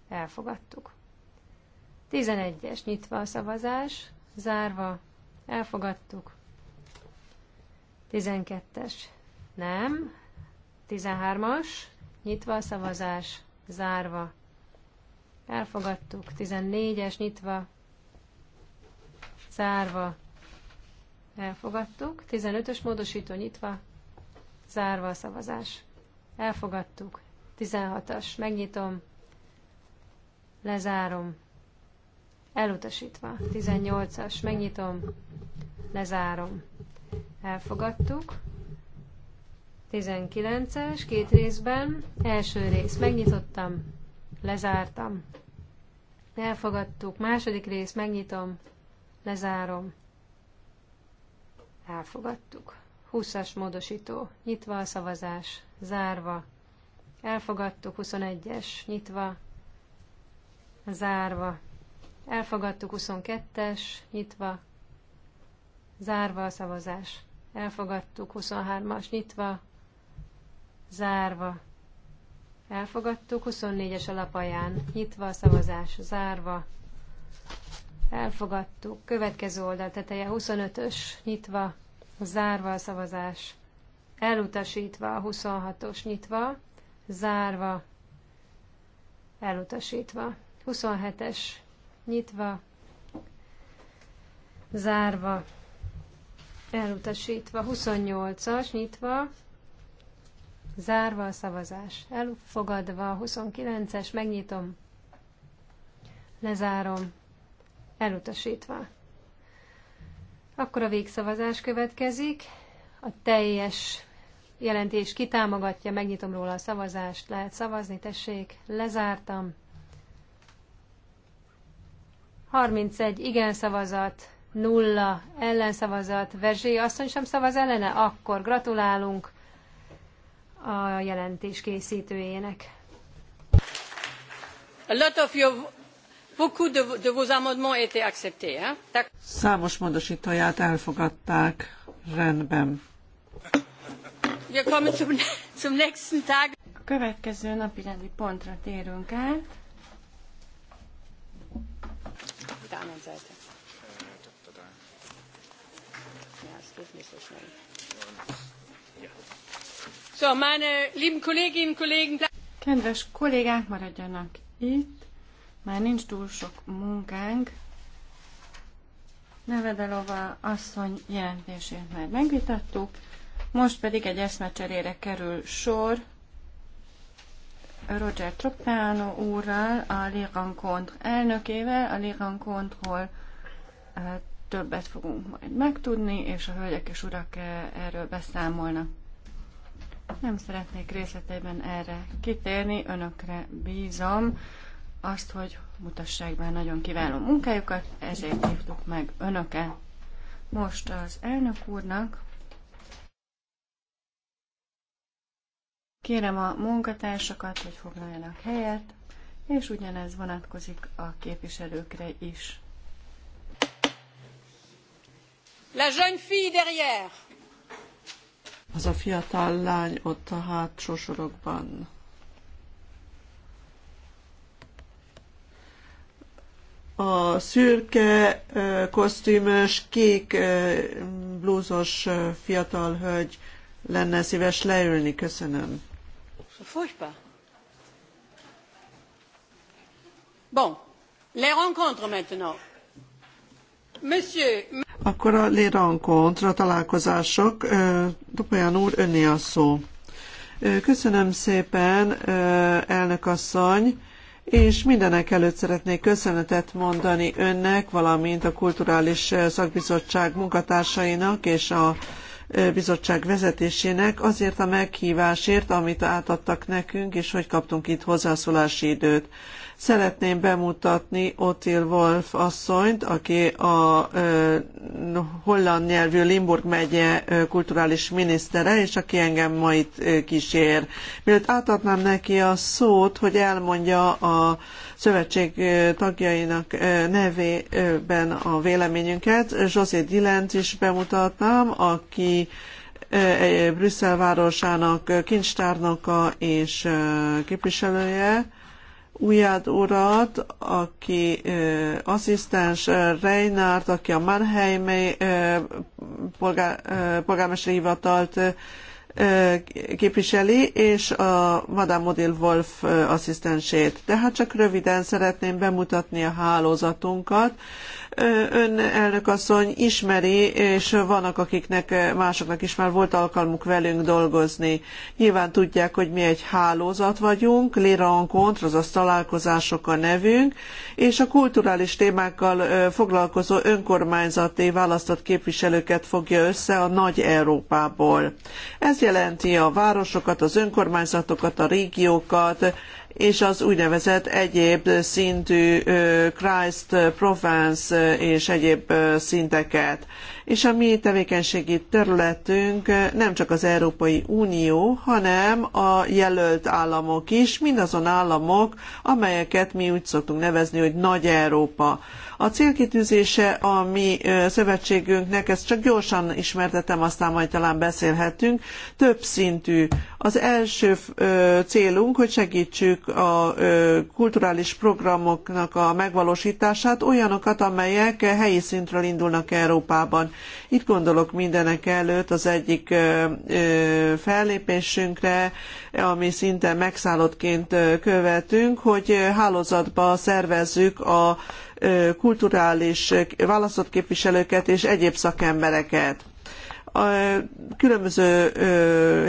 Elfogadtuk. 11-es nyitva a szavazás, zárva, elfogadtuk. 12-es nem, 13-as nyitva a szavazás, zárva, elfogadtuk. 14-es nyitva, zárva, elfogadtuk. 15-ös módosító nyitva, zárva a szavazás, elfogadtuk. 16-as, megnyitom, lezárom, elutasítva. 18-as, megnyitom, lezárom. Elfogadtuk. 19-es, két részben. Első rész, megnyitottam, lezártam. Elfogadtuk. Második rész, megnyitom, lezárom. Elfogadtuk. 20-as módosító, nyitva a szavazás, zárva. Elfogadtuk 21-es, nyitva, zárva. Elfogadtuk 22-es, nyitva, zárva a szavazás. Elfogadtuk 23-as, nyitva, zárva. Elfogadtuk 24-es alapaján, nyitva a szavazás, zárva. Elfogadtuk. Következő oldal teteje 25-ös, nyitva, zárva a szavazás. Elutasítva a 26-os, nyitva, zárva, elutasítva. 27-es nyitva, zárva, elutasítva. 28-as nyitva, zárva a szavazás, elfogadva. 29-es megnyitom, lezárom, elutasítva. Akkor a végszavazás következik. A teljes jelentés kitámogatja, megnyitom róla a szavazást, lehet szavazni, tessék, lezártam. 31 igen szavazat, nulla ellenszavazat, Verzsé asszony sem szavaz ellene, akkor gratulálunk a jelentés készítőjének. A lot of your Számos módosítóját elfogadták. Rendben. A következő napi rendi pontra térünk át. Kedves kollégák, maradjanak itt. Már nincs túl sok munkánk. Nevedelova asszony jelentését már megvitattuk. Most pedig egy eszmecserére kerül sor Roger Tropiano úrral, a Lirankontr elnökével. A Lirankontról többet fogunk majd megtudni, és a hölgyek és urak erről beszámolnak. Nem szeretnék részleteiben erre kitérni, önökre bízom azt, hogy mutassák be nagyon kiváló munkájukat, ezért hívtuk meg önöket. Most az elnök úrnak Kérem a munkatársakat, hogy foglaljanak helyet, és ugyanez vonatkozik a képviselőkre is. La jeune fille derrière. Az a fiatal lány ott a hátsó sorokban. a szürke kosztümös, kék blúzos fiatal hölgy lenne szíves leülni. Köszönöm. So furchtbar. Bon, les rencontres maintenant. Monsieur... Akkor a les rencontres, a találkozások. Dupolyán úr, önné a szó. Köszönöm szépen, elnök asszony és mindenek előtt szeretnék köszönetet mondani önnek, valamint a Kulturális Szakbizottság munkatársainak és a bizottság vezetésének azért a meghívásért, amit átadtak nekünk, és hogy kaptunk itt hozzászólási időt. Szeretném bemutatni Otil Wolf asszonyt, aki a holland nyelvű Limburg megye kulturális minisztere, és aki engem ma itt kísér. Mielőtt átadnám neki a szót, hogy elmondja a szövetség tagjainak nevében a véleményünket, José Dilent is bemutatnám, aki Brüsszel városának kincstárnoka és képviselője, Ujjád urat, aki ö, asszisztens Reinhardt, aki a Mannheim polgár, polgármesteri hivatalt képviseli, és a Madame Modil Wolf asszisztensét. Tehát csak röviden szeretném bemutatni a hálózatunkat. Ön elnök asszony ismeri, és vannak, akiknek másoknak is már volt alkalmuk velünk dolgozni. Nyilván tudják, hogy mi egy hálózat vagyunk, Lirankontr, azaz találkozások a nevünk, és a kulturális témákkal foglalkozó önkormányzati választott képviselőket fogja össze a nagy Európából. Ez jelenti a városokat, az önkormányzatokat, a régiókat, és az úgynevezett egyéb szintű Christ Provence és egyéb szinteket. És a mi tevékenységi területünk nem csak az Európai Unió, hanem a jelölt államok is, mindazon államok, amelyeket mi úgy szoktunk nevezni, hogy Nagy Európa. A célkitűzése a mi szövetségünknek, ezt csak gyorsan ismertetem, aztán majd talán beszélhetünk, több szintű. Az első célunk, hogy segítsük a kulturális programoknak a megvalósítását, olyanokat, amelyek helyi szintről indulnak Európában. Itt gondolok mindenek előtt az egyik fellépésünkre, ami szinte megszállottként követünk, hogy hálózatba szervezzük a kulturális választott képviselőket és egyéb szakembereket a különböző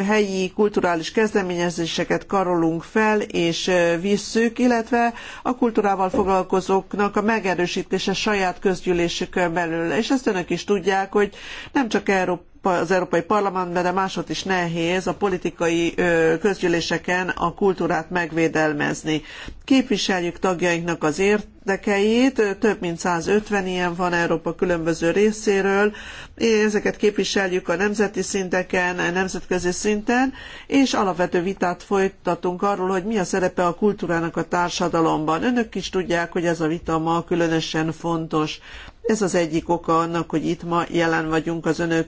helyi kulturális kezdeményezéseket karolunk fel és visszük, illetve a kultúrával foglalkozóknak a megerősítése saját közgyűlésükön belül. És ezt önök is tudják, hogy nem csak Európa az Európai Parlamentben, de máshogy is nehéz a politikai közgyűléseken a kultúrát megvédelmezni. Képviseljük tagjainknak az érdekeit, több mint 150 ilyen van Európa különböző részéről, ezeket képviseljük a nemzeti szinteken, a nemzetközi szinten, és alapvető vitát folytatunk arról, hogy mi a szerepe a kultúrának a társadalomban. Önök is tudják, hogy ez a vita ma különösen fontos ez az egyik oka annak, hogy itt ma jelen vagyunk az önök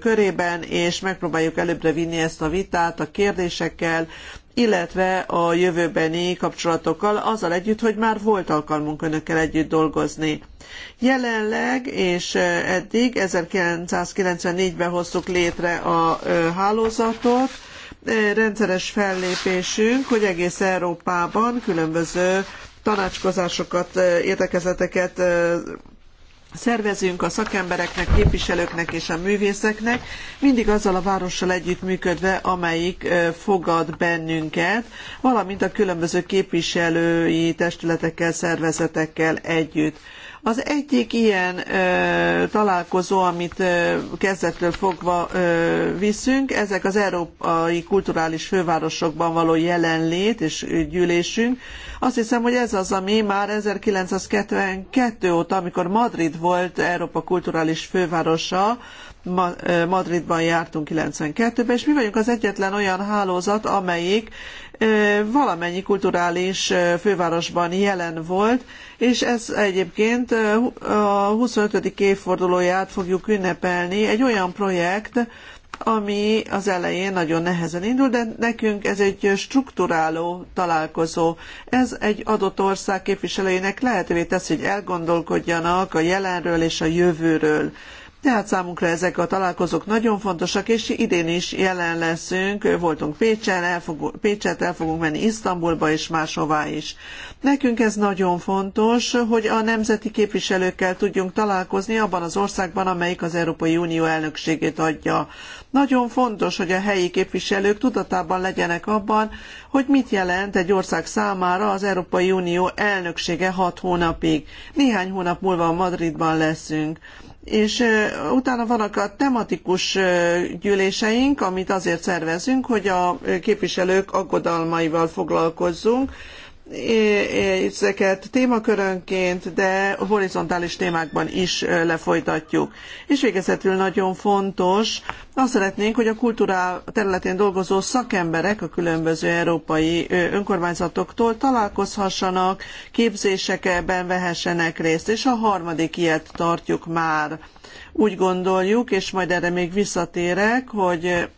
körében, és megpróbáljuk előbbre vinni ezt a vitát a kérdésekkel, illetve a jövőbeni kapcsolatokkal, azzal együtt, hogy már volt alkalmunk önökkel együtt dolgozni. Jelenleg és eddig 1994-ben hoztuk létre a hálózatot, rendszeres fellépésünk, hogy egész Európában különböző tanácskozásokat, értekezleteket szervezünk a szakembereknek, képviselőknek és a művészeknek, mindig azzal a várossal együttműködve, amelyik fogad bennünket, valamint a különböző képviselői testületekkel, szervezetekkel együtt. Az egyik ilyen ö, találkozó, amit ö, kezdettől fogva ö, viszünk, ezek az európai kulturális fővárosokban való jelenlét és gyűlésünk. Azt hiszem, hogy ez az, ami már 1992 óta, amikor Madrid volt Európa kulturális fővárosa, Madridban jártunk 92-ben, és mi vagyunk az egyetlen olyan hálózat, amelyik valamennyi kulturális fővárosban jelen volt, és ez egyébként a 25. évfordulóját fogjuk ünnepelni. Egy olyan projekt, ami az elején nagyon nehezen indul, de nekünk ez egy strukturáló találkozó. Ez egy adott ország képviselőinek lehetővé teszi, hogy elgondolkodjanak a jelenről és a jövőről. Tehát számunkra ezek a találkozók nagyon fontosak, és idén is jelen leszünk, voltunk Pécsen, el fogunk, Pécset, el fogunk menni Isztambulba és máshová is. Nekünk ez nagyon fontos, hogy a nemzeti képviselőkkel tudjunk találkozni abban az országban, amelyik az Európai Unió elnökségét adja. Nagyon fontos, hogy a helyi képviselők tudatában legyenek abban, hogy mit jelent egy ország számára az Európai Unió elnöksége hat hónapig. Néhány hónap múlva Madridban leszünk és utána vannak a tematikus gyűléseink, amit azért szervezünk, hogy a képviselők aggodalmaival foglalkozzunk, ezeket témakörönként, de horizontális témákban is lefolytatjuk. És végezetül nagyon fontos, azt szeretnénk, hogy a kultúra területén dolgozó szakemberek a különböző európai önkormányzatoktól találkozhassanak, képzésekben vehessenek részt, és a harmadik ilyet tartjuk már úgy gondoljuk, és majd erre még visszatérek, hogy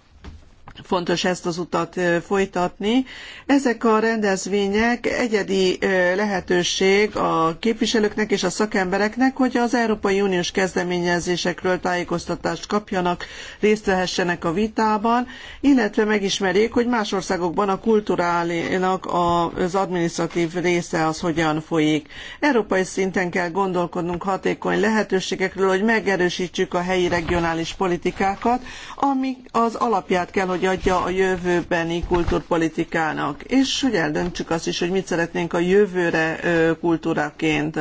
fontos ezt az utat folytatni. Ezek a rendezvények egyedi lehetőség a képviselőknek és a szakembereknek, hogy az Európai Uniós kezdeményezésekről tájékoztatást kapjanak, részt vehessenek a vitában, illetve megismerjék, hogy más országokban a kulturálinak az adminisztratív része az hogyan folyik. Európai szinten kell gondolkodnunk hatékony lehetőségekről, hogy megerősítsük a helyi regionális politikákat, amik az alapját kell, hogy adja a jövőbeni kultúrpolitikának, és hogy eldöntsük azt is, hogy mit szeretnénk a jövőre kultúraként.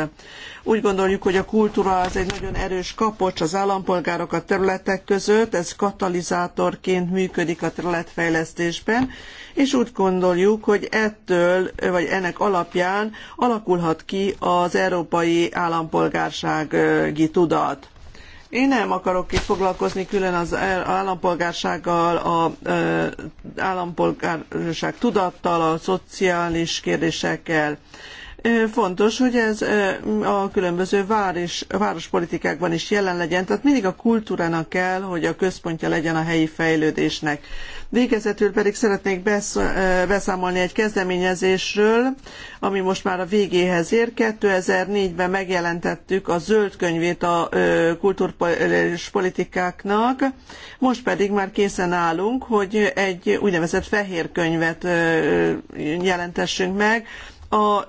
Úgy gondoljuk, hogy a kultúra az egy nagyon erős kapocs az állampolgárok a területek között, ez katalizátorként működik a területfejlesztésben, és úgy gondoljuk, hogy ettől, vagy ennek alapján alakulhat ki az európai állampolgársági tudat én nem akarok itt foglalkozni külön az állampolgársággal, a állampolgárság tudattal, a szociális kérdésekkel. Fontos, hogy ez a különböző várospolitikákban is jelen legyen, tehát mindig a kultúrának kell, hogy a központja legyen a helyi fejlődésnek. Végezetül pedig szeretnék beszámolni egy kezdeményezésről, ami most már a végéhez ér. 2004-ben megjelentettük a zöld könyvét a kulturális politikáknak, most pedig már készen állunk, hogy egy úgynevezett fehér könyvet jelentessünk meg, a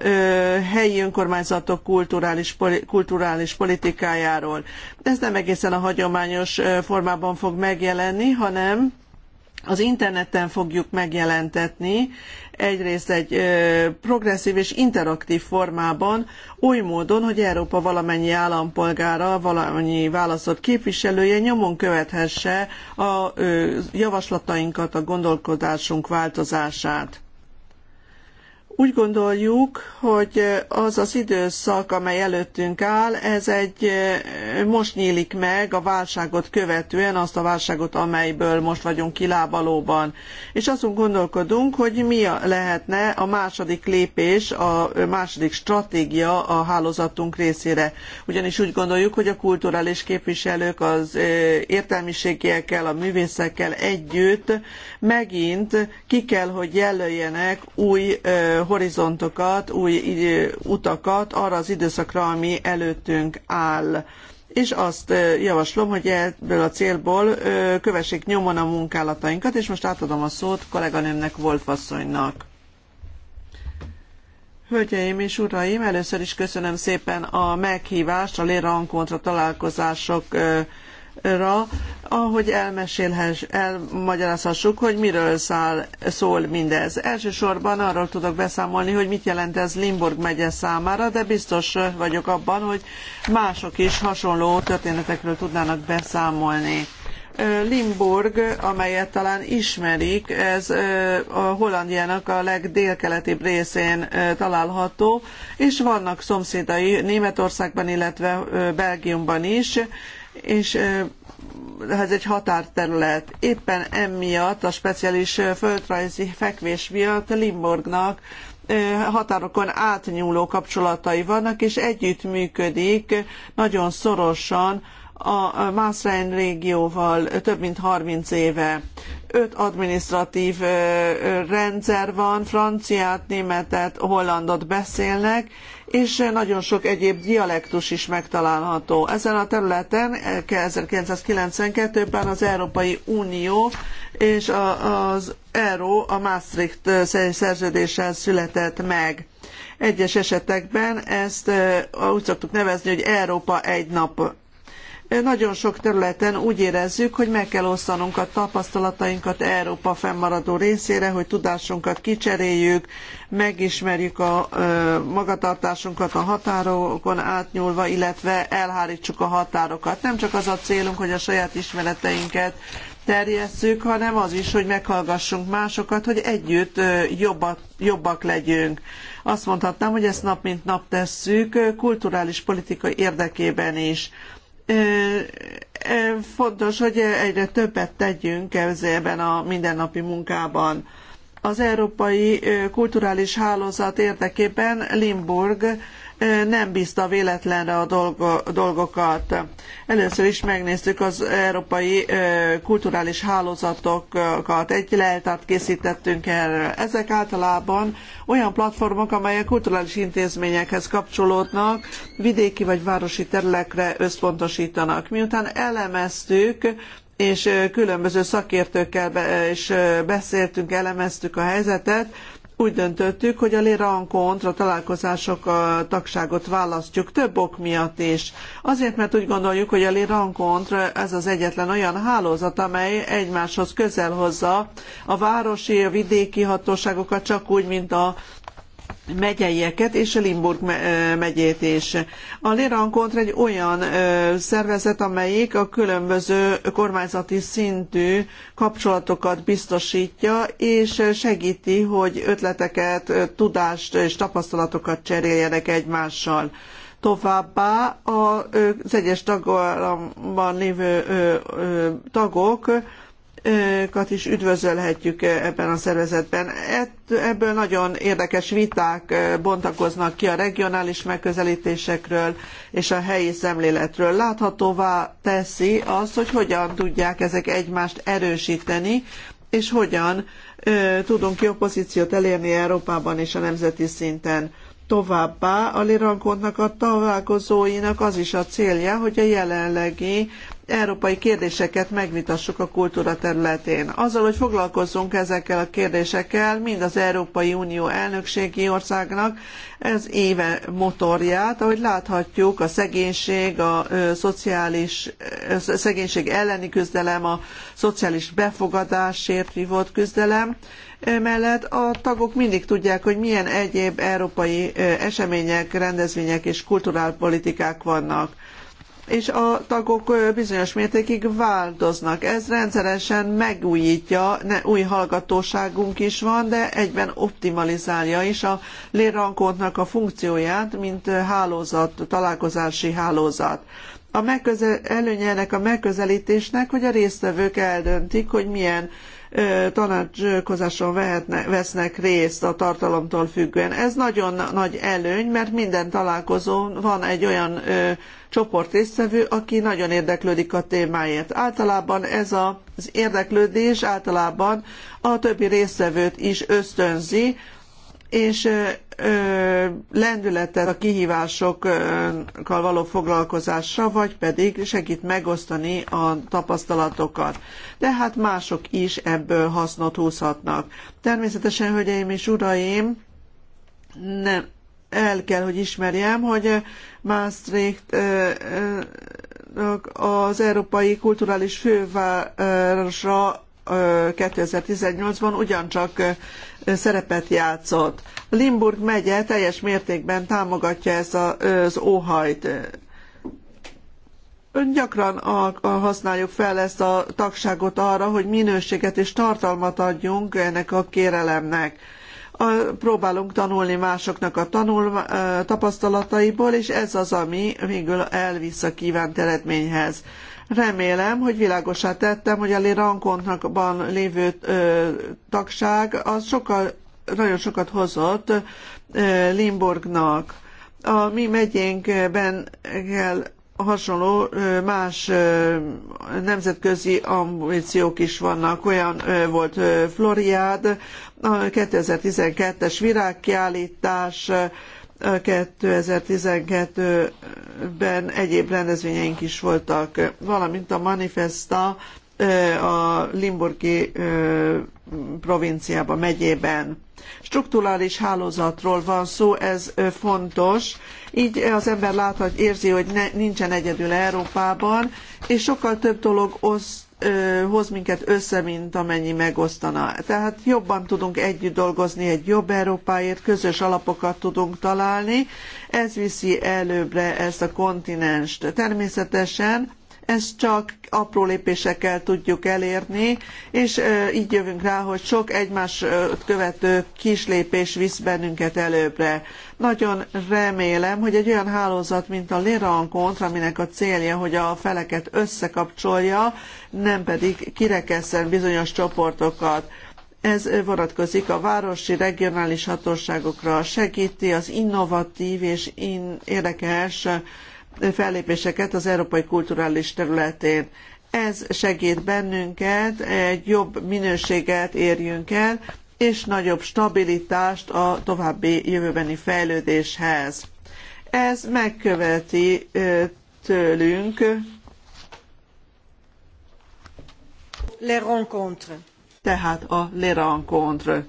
helyi önkormányzatok kulturális, kulturális politikájáról. Ez nem egészen a hagyományos formában fog megjelenni, hanem az interneten fogjuk megjelentetni egyrészt egy ö, progresszív és interaktív formában, oly módon, hogy Európa valamennyi állampolgára, valamennyi választott képviselője nyomon követhesse a ö, javaslatainkat, a gondolkodásunk változását. Úgy gondoljuk, hogy az az időszak, amely előttünk áll, ez egy eh, most nyílik meg a válságot követően, azt a válságot, amelyből most vagyunk kilábalóban. És azon gondolkodunk, hogy mi lehetne a második lépés, a második stratégia a hálózatunk részére. Ugyanis úgy gondoljuk, hogy a kulturális képviselők az eh, értelmiségiekkel, a művészekkel együtt megint ki kell, hogy jelöljenek új eh, horizontokat, új utakat arra az időszakra, ami előttünk áll és azt javaslom, hogy ebből a célból kövessék nyomon a munkálatainkat, és most átadom a szót kolléganőmnek, Volt asszonynak. Hölgyeim és uraim, először is köszönöm szépen a meghívást a Lérankontra találkozások ra, ahogy elmesélhess, elmagyarázhassuk, hogy miről száll, szól mindez. Elsősorban arról tudok beszámolni, hogy mit jelent ez Limburg megye számára, de biztos vagyok abban, hogy mások is hasonló történetekről tudnának beszámolni. Limburg, amelyet talán ismerik, ez a Hollandiának a legdélkeletibb részén található, és vannak szomszédai Németországban, illetve Belgiumban is, és ez egy határterület. Éppen emiatt a speciális földrajzi fekvés miatt Limburgnak határokon átnyúló kapcsolatai vannak, és együttműködik nagyon szorosan a Mászrein régióval több mint 30 éve. Öt administratív rendszer van, franciát, németet, hollandot beszélnek, és nagyon sok egyéb dialektus is megtalálható. Ezen a területen 1992-ben eh, az Európai Unió és az ERO a Maastricht eh, szerződéssel született meg. Egyes esetekben ezt eh, úgy szoktuk nevezni, hogy Európa egy nap nagyon sok területen úgy érezzük, hogy meg kell osztanunk a tapasztalatainkat Európa fennmaradó részére, hogy tudásunkat kicseréljük, megismerjük a magatartásunkat a határokon átnyúlva, illetve elhárítsuk a határokat. Nem csak az a célunk, hogy a saját ismereteinket terjesszük, hanem az is, hogy meghallgassunk másokat, hogy együtt jobbak, jobbak legyünk. Azt mondhatnám, hogy ezt nap mint nap tesszük, kulturális politika érdekében is fontos, hogy egyre többet tegyünk ebben a mindennapi munkában. Az Európai Kulturális Hálózat érdekében Limburg nem bízta véletlenre a dolgokat. Először is megnéztük az európai kulturális hálózatokat, egy leltárt készítettünk erről. Ezek általában olyan platformok, amelyek kulturális intézményekhez kapcsolódnak, vidéki vagy városi területekre összpontosítanak. Miután elemeztük, és különböző szakértőkkel is beszéltünk, elemeztük a helyzetet, úgy döntöttük, hogy a Lérankontra találkozások a tagságot választjuk több ok miatt is. Azért, mert úgy gondoljuk, hogy a Lérankontra ez az egyetlen olyan hálózat, amely egymáshoz közel hozza a városi, a vidéki hatóságokat, csak úgy, mint a megyeieket és a Limburg megyét is. A Lirankontra egy olyan szervezet, amelyik a különböző kormányzati szintű kapcsolatokat biztosítja, és segíti, hogy ötleteket, tudást és tapasztalatokat cseréljenek egymással. Továbbá az egyes tagállamban lévő tagok kat is üdvözölhetjük ebben a szervezetben. Ebből nagyon érdekes viták bontakoznak ki a regionális megközelítésekről és a helyi szemléletről. Láthatóvá teszi az, hogy hogyan tudják ezek egymást erősíteni, és hogyan tudunk jó pozíciót elérni Európában és a nemzeti szinten. Továbbá a Lirankontnak a találkozóinak az is a célja, hogy a jelenlegi európai kérdéseket megvitassuk a kultúra területén. Azzal, hogy foglalkozzunk ezekkel a kérdésekkel, mind az Európai Unió elnökségi országnak ez éve motorját, ahogy láthatjuk, a szegénység, a szociális ö, szegénység elleni küzdelem, a szociális befogadásért vívott küzdelem, mellett a tagok mindig tudják, hogy milyen egyéb európai események, rendezvények és kulturálpolitikák vannak és a tagok bizonyos mértékig változnak. Ez rendszeresen megújítja, ne, új hallgatóságunk is van, de egyben optimalizálja is a lérankótnak a funkcióját, mint hálózat, találkozási hálózat. A megközel, előnye ennek a megközelítésnek, hogy a résztvevők eldöntik, hogy milyen tanácskozáson vehetne, vesznek részt a tartalomtól függően. Ez nagyon nagy előny, mert minden találkozón van egy olyan csoport résztvevő, aki nagyon érdeklődik a témáért. Általában ez a, az érdeklődés általában a többi résztvevőt is ösztönzi, és lendületet a kihívásokkal való foglalkozásra, vagy pedig segít megosztani a tapasztalatokat. De hát mások is ebből hasznot húzhatnak. Természetesen, hölgyeim és uraim, nem, el kell, hogy ismerjem, hogy Maastricht az Európai Kulturális Fővárosra 2018-ban ugyancsak szerepet játszott. Limburg megye teljes mértékben támogatja ezt az óhajt. Ön gyakran használjuk fel ezt a tagságot arra, hogy minőséget és tartalmat adjunk ennek a kérelemnek. próbálunk tanulni másoknak a tanul, tapasztalataiból, és ez az, ami végül elvisz a kívánt eredményhez. Remélem, hogy világosá tettem, hogy a Lirankontnakban lévő ö, tagság az sokkal, nagyon sokat hozott ö, Limburgnak. A mi megyénkben kell hasonló más nemzetközi ambíciók is vannak. Olyan volt Floriád, a 2012-es virágkiállítás, 2012-ben egyéb rendezvényeink is voltak, valamint a Manifesta a Limburgi provinciában, megyében. Strukturális hálózatról van szó, ez fontos. Így az ember láthat, érzi, hogy ne, nincsen egyedül Európában, és sokkal több dolog oszt ö, hoz minket össze, mint amennyi megosztana. Tehát jobban tudunk együtt dolgozni egy jobb Európáért, közös alapokat tudunk találni, ez viszi előbbre ezt a kontinenst. Természetesen ezt csak apró lépésekkel tudjuk elérni, és így jövünk rá, hogy sok egymást követő kis lépés visz bennünket előbbre. Nagyon remélem, hogy egy olyan hálózat, mint a Lérankontra, aminek a célja, hogy a feleket összekapcsolja, nem pedig kirekesszen bizonyos csoportokat. Ez vonatkozik a városi regionális hatóságokra, segíti az innovatív és in érdekes fellépéseket az európai kulturális területén. Ez segít bennünket, egy jobb minőséget érjünk el, és nagyobb stabilitást a további jövőbeni fejlődéshez. Ez megköveti tőlünk les rencontres. Tehát a le rencontre.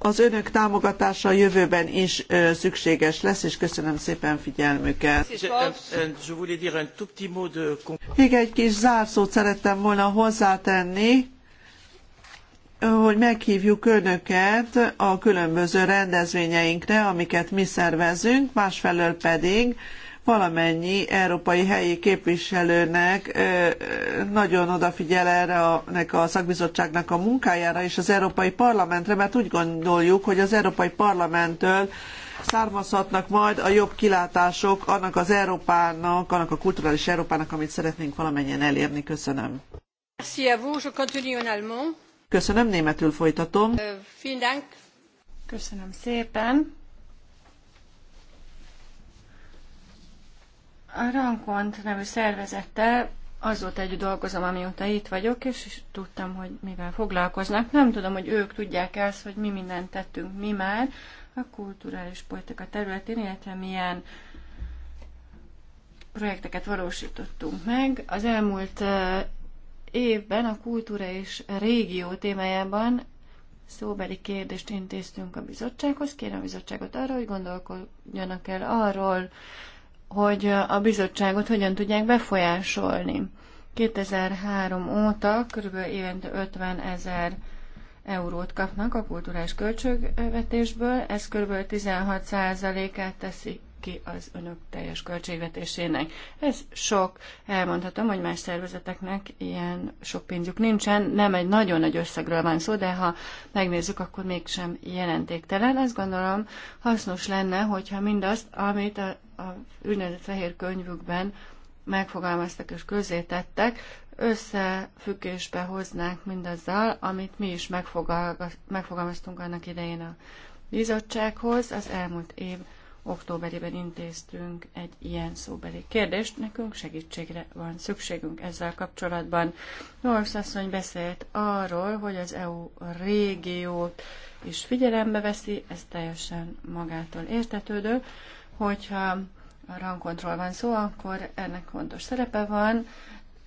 Az önök támogatása a jövőben is ö, szükséges lesz, és köszönöm szépen figyelmüket. Még egy kis zárszót szerettem volna hozzátenni hogy meghívjuk Önöket a különböző rendezvényeinkre, amiket mi szervezünk, másfelől pedig valamennyi európai helyi képviselőnek nagyon odafigyel erre a, nek a szakbizottságnak a munkájára és az Európai Parlamentre, mert úgy gondoljuk, hogy az Európai Parlamenttől származhatnak majd a jobb kilátások annak az Európának, annak a kulturális Európának, amit szeretnénk valamennyien elérni. Köszönöm. Köszönöm, németül folytatom. Euh, Köszönöm szépen. A Rankont nevű szervezettel azóta együtt dolgozom, amióta itt vagyok, és, és tudtam, hogy mivel foglalkoznak. Nem tudom, hogy ők tudják ezt, hogy mi mindent tettünk mi már a kulturális politika területén, illetve milyen projekteket valósítottunk meg. Az elmúlt évben a kultúra és régió témájában szóbeli kérdést intéztünk a bizottsághoz. Kérem a bizottságot arra, hogy gondolkodjanak el arról, hogy a bizottságot hogyan tudják befolyásolni. 2003 óta kb. évente 50 ezer eurót kapnak a kulturális költségvetésből, ez kb. 16%-át teszi ki az önök teljes költségvetésének. Ez sok. Elmondhatom, hogy más szervezeteknek ilyen sok pénzük nincsen. Nem egy nagyon nagy összegről van szó, de ha megnézzük, akkor mégsem jelentéktelen. Azt gondolom, hasznos lenne, hogyha mindazt, amit a, a ügynevezett fehér könyvükben megfogalmaztak és közzétettek, összefüggésbe hoznánk mindazzal, amit mi is megfogalmaztunk annak idején a bizottsághoz az elmúlt év októberében intéztünk egy ilyen szóbeli kérdést. Nekünk segítségre van szükségünk ezzel kapcsolatban. Norsz asszony beszélt arról, hogy az EU régiót is figyelembe veszi, ez teljesen magától értetődő, hogyha a rangkontról van szó, akkor ennek fontos szerepe van.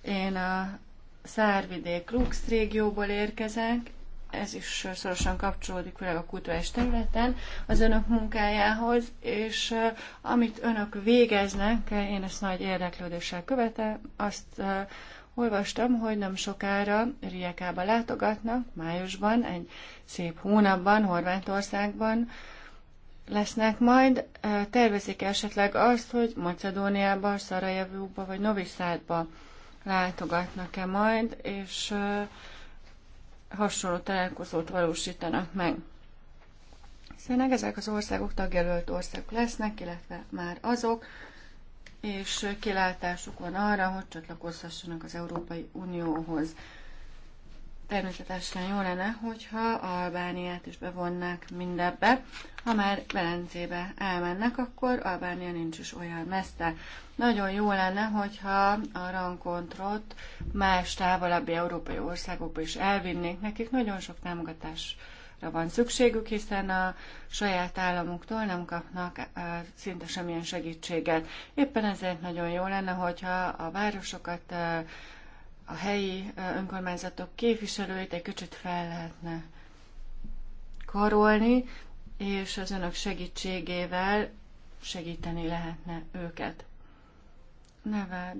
Én a Szárvidék Lux régióból érkezek, ez is szorosan kapcsolódik, főleg a kulturális területen, az önök munkájához, és eh, amit önök végeznek, én ezt nagy érdeklődéssel követem, azt eh, olvastam, hogy nem sokára Riekába látogatnak, májusban, egy szép hónapban, Horvátországban lesznek majd. Eh, tervezik esetleg azt, hogy Macedóniába, Szarajevóba vagy Noviszádba látogatnak-e majd, és hasonló találkozót valósítanak meg. Hiszen ezek az országok tagjelölt országok lesznek, illetve már azok, és kilátásuk van arra, hogy csatlakozhassanak az Európai Unióhoz természetesen jó lenne, hogyha Albániát is bevonnák mindebbe. Ha már Velencébe elmennek, akkor Albánia nincs is olyan messze. Nagyon jó lenne, hogyha a rankontrot más távolabbi európai országokba is elvinnék nekik. Nagyon sok támogatás van szükségük, hiszen a saját államuktól nem kapnak szinte semmilyen segítséget. Éppen ezért nagyon jó lenne, hogyha a városokat a helyi önkormányzatok képviselőit egy kicsit fel lehetne karolni, és az önök segítségével segíteni lehetne őket.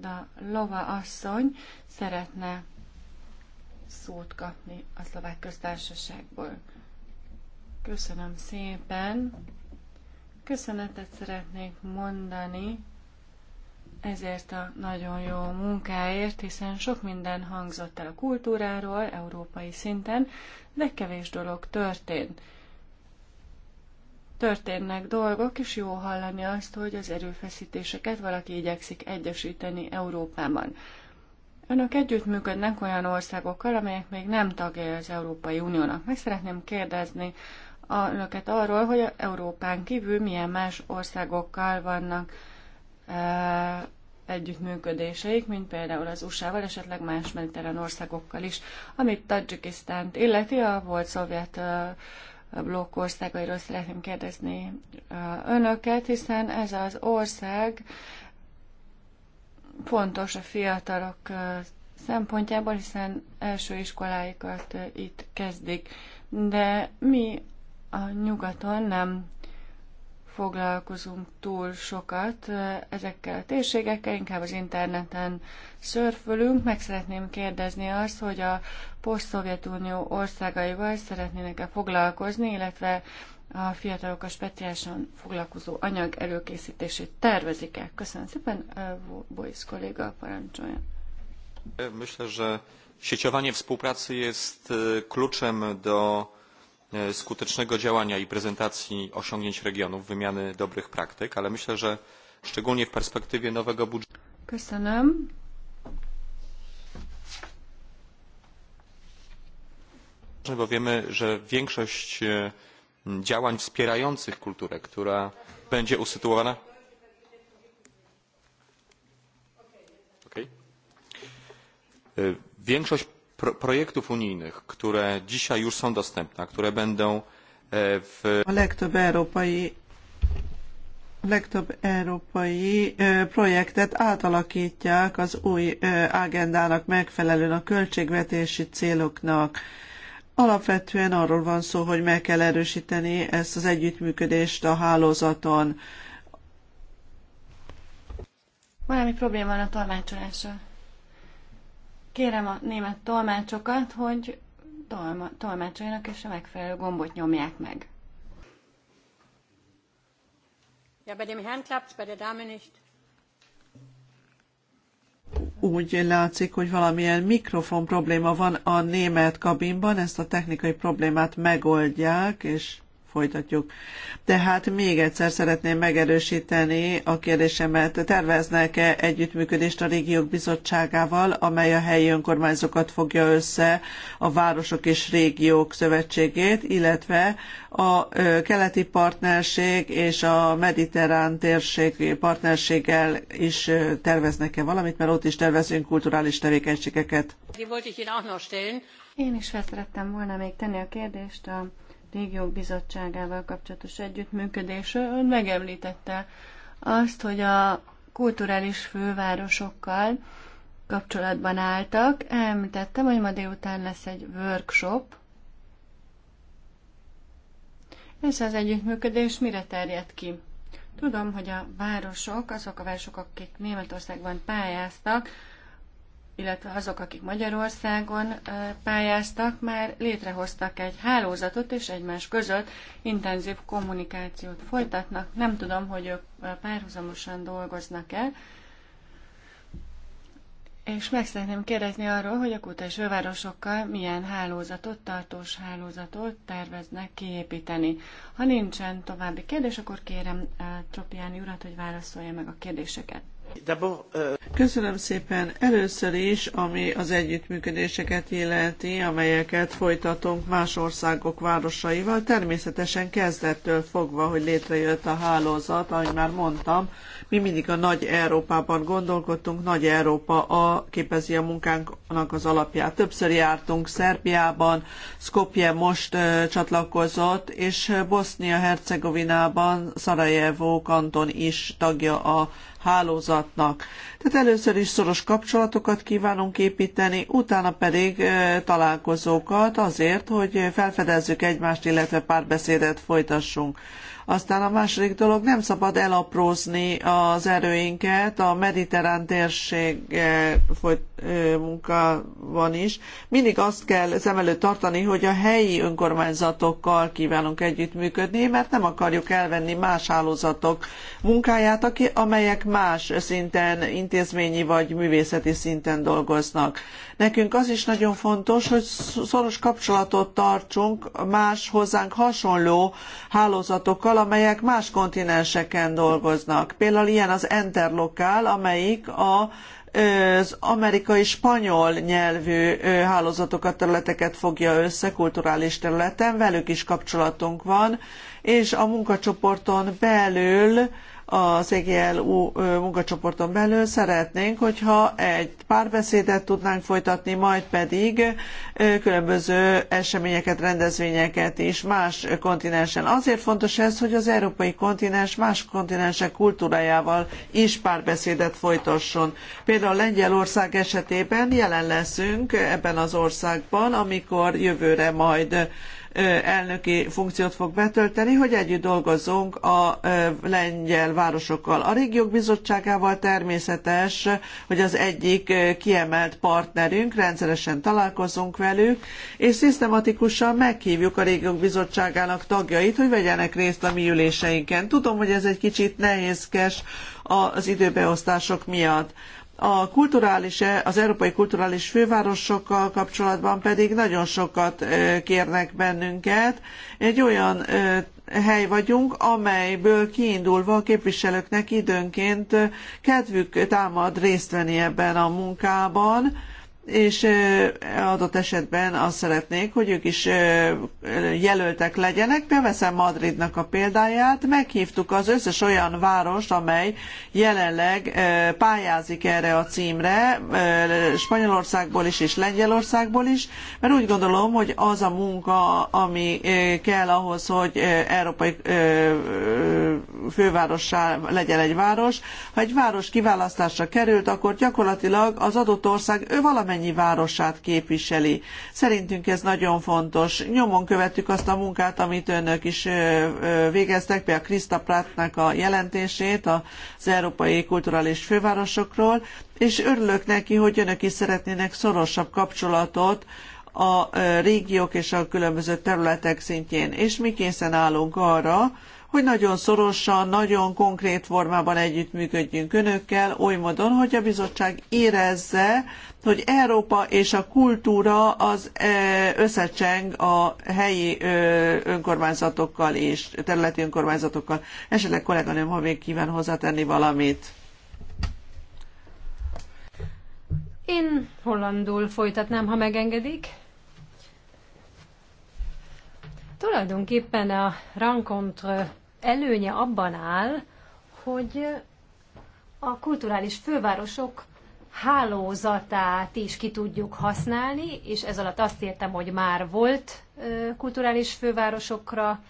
a Lova asszony szeretne szót kapni a szlovák köztársaságból. Köszönöm szépen. Köszönetet szeretnék mondani ezért a nagyon jó munkáért, hiszen sok minden hangzott el a kultúráról, európai szinten, de kevés dolog történt. Történnek dolgok, és jó hallani azt, hogy az erőfeszítéseket valaki igyekszik egyesíteni Európában. Önök együttműködnek olyan országokkal, amelyek még nem tagjai az Európai Uniónak. Meg szeretném kérdezni önöket arról, hogy Európán kívül milyen más országokkal vannak együttműködéseik, mint például az USA-val, esetleg más mediterrán országokkal is, amit Tadzsikisztánt illeti, a volt szovjet blokk országairól szeretném kérdezni önöket, hiszen ez az ország fontos a fiatalok szempontjából, hiszen első iskoláikat itt kezdik. De mi a nyugaton nem foglalkozunk túl sokat ezekkel a térségekkel, inkább az interneten szörfölünk. Meg szeretném kérdezni azt, hogy a poszt-Szovjetunió országaival szeretnének-e foglalkozni, illetve a fiatalok a speciálisan foglalkozó anyag előkészítését tervezik-e? Köszönöm szépen, Bois kolléga parancsolja. Myślę, że sieciowanie współpracy jest kluczem do E, skutecznego działania i prezentacji osiągnięć regionów, wymiany dobrych praktyk, ale myślę, że szczególnie w perspektywie nowego budżetu. Köszönöm. Bo wiemy, że większość e, działań wspierających kulturę, która będzie usytuowana. Okay. E, większość projektów unijnych, które dzisiaj już są dostępne, które będą e, w... A legtöbb európai európai e, projektet átalakítják az új e, agendának megfelelően a költségvetési céloknak. Alapvetően arról van szó, hogy meg kell erősíteni ezt az együttműködést a hálózaton. Valami probléma van a tolmácsolással. Kérem a német tolmácsokat, hogy tolma, tolmácsoljanak, és a megfelelő gombot nyomják meg. Ja, bei dem Herrn klappt's, bei der Dame nicht. Úgy látszik, hogy valamilyen mikrofon probléma van a német kabinban, ezt a technikai problémát megoldják, és folytatjuk. Tehát még egyszer szeretném megerősíteni a kérdésemet. Terveznek-e együttműködést a régiók bizottságával, amely a helyi önkormányzókat fogja össze a Városok és Régiók Szövetségét, illetve a keleti partnerség és a mediterrán térség partnerséggel is terveznek-e valamit, mert ott is tervezünk kulturális tevékenységeket. Én is felszerettem volna még tenni a kérdést a régiók bizottságával kapcsolatos együttműködésről. Ön megemlítette azt, hogy a kulturális fővárosokkal kapcsolatban álltak. Említettem, hogy ma délután lesz egy workshop. Ez az együttműködés mire terjed ki? Tudom, hogy a városok, azok a városok, akik Németországban pályáztak, illetve azok, akik Magyarországon pályáztak, már létrehoztak egy hálózatot, és egymás között intenzív kommunikációt folytatnak. Nem tudom, hogy ők párhuzamosan dolgoznak-e, és meg szeretném kérdezni arról, hogy a kutás fővárosokkal milyen hálózatot, tartós hálózatot terveznek kiépíteni. Ha nincsen további kérdés, akkor kérem Tropiáni urat, hogy válaszolja meg a kérdéseket. Euh, Köszönöm szépen. Először is, ami az együttműködéseket illeti, amelyeket folytatunk más országok városaival, természetesen kezdettől fogva, hogy létrejött a hálózat, ahogy már mondtam, mi mindig a nagy Európában gondolkodtunk, nagy Európa a, képezi a munkánknak az alapját. Többször jártunk Szerbiában, Skopje most ö, csatlakozott, és Bosznia-Hercegovinában Szarajevó kanton is tagja a hálózat folytatnak. Tehát először is szoros kapcsolatokat kívánunk építeni, utána pedig találkozókat azért, hogy felfedezzük egymást, illetve párbeszédet folytassunk. Aztán a második dolog, nem szabad elaprózni az erőinket a mediterrán térség folyt van is. Mindig azt kell szem előtt tartani, hogy a helyi önkormányzatokkal kívánunk együttműködni, mert nem akarjuk elvenni más hálózatok munkáját, amelyek más szinten, intézményi vagy művészeti szinten dolgoznak. Nekünk az is nagyon fontos, hogy szoros kapcsolatot tartsunk más hozzánk hasonló hálózatokkal, amelyek más kontinenseken dolgoznak. Például ilyen az Enterlokál, amelyik a az amerikai spanyol nyelvű hálózatokat, területeket fogja össze kulturális területen, velük is kapcsolatunk van, és a munkacsoporton belül az EGLU munkacsoporton belül szeretnénk, hogyha egy párbeszédet tudnánk folytatni, majd pedig különböző eseményeket, rendezvényeket is más kontinensen. Azért fontos ez, hogy az európai kontinens más kontinensek kultúrájával is párbeszédet folytasson. Például Lengyelország esetében jelen leszünk ebben az országban, amikor jövőre majd elnöki funkciót fog betölteni, hogy együtt dolgozzunk a lengyel városokkal. A régiók bizottságával természetes, hogy az egyik kiemelt partnerünk, rendszeresen találkozunk velük, és szisztematikusan meghívjuk a régiók bizottságának tagjait, hogy vegyenek részt a mi üléseinken. Tudom, hogy ez egy kicsit nehézkes az időbeosztások miatt. A kulturális, e, az európai kulturális fővárosokkal kapcsolatban pedig nagyon sokat e, kérnek bennünket. Egy olyan e, hely vagyunk, amelyből kiindulva a képviselőknek időnként kedvük támad részt venni ebben a munkában, és adott esetben azt szeretnék, hogy ők is jelöltek legyenek. Például veszem Madridnak a példáját, meghívtuk az összes olyan várost, amely jelenleg pályázik erre a címre, Spanyolországból is és Lengyelországból is, mert úgy gondolom, hogy az a munka, ami kell ahhoz, hogy európai fővárossá legyen egy város, ha egy város kiválasztásra került, akkor gyakorlatilag az adott ország ő valamely valamennyi városát képviseli. Szerintünk ez nagyon fontos. Nyomon követtük azt a munkát, amit önök is végeztek, például Krista Prattnak a jelentését az Európai Kulturális Fővárosokról, és örülök neki, hogy önök is szeretnének szorosabb kapcsolatot a régiók és a különböző területek szintjén. És mi készen állunk arra, hogy nagyon szorosan, nagyon konkrét formában együttműködjünk önökkel, oly módon, hogy a bizottság érezze, hogy Európa és a kultúra az összecseng a helyi önkormányzatokkal és területi önkormányzatokkal. Esetleg kolléganőm, ha még kíván hozzátenni valamit. Én hollandul folytatnám, ha megengedik. Tulajdonképpen a rencontre előnye abban áll, hogy a kulturális fővárosok hálózatát is ki tudjuk használni, és ez alatt azt értem, hogy már volt kulturális fővárosokra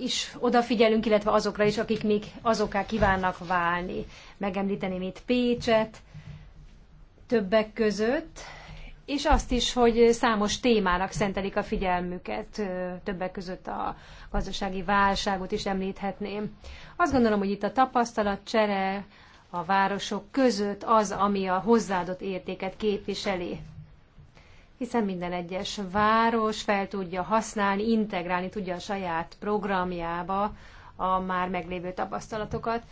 is odafigyelünk, illetve azokra is, akik még azoká kívánnak válni. Megemlíteném itt Pécset, többek között, és azt is, hogy számos témának szentelik a figyelmüket, többek között a gazdasági válságot is említhetném. Azt gondolom, hogy itt a tapasztalat csere a városok között az, ami a hozzáadott értéket képviseli. Hiszen minden egyes város fel tudja használni, integrálni tudja a saját programjába a már meglévő tapasztalatokat.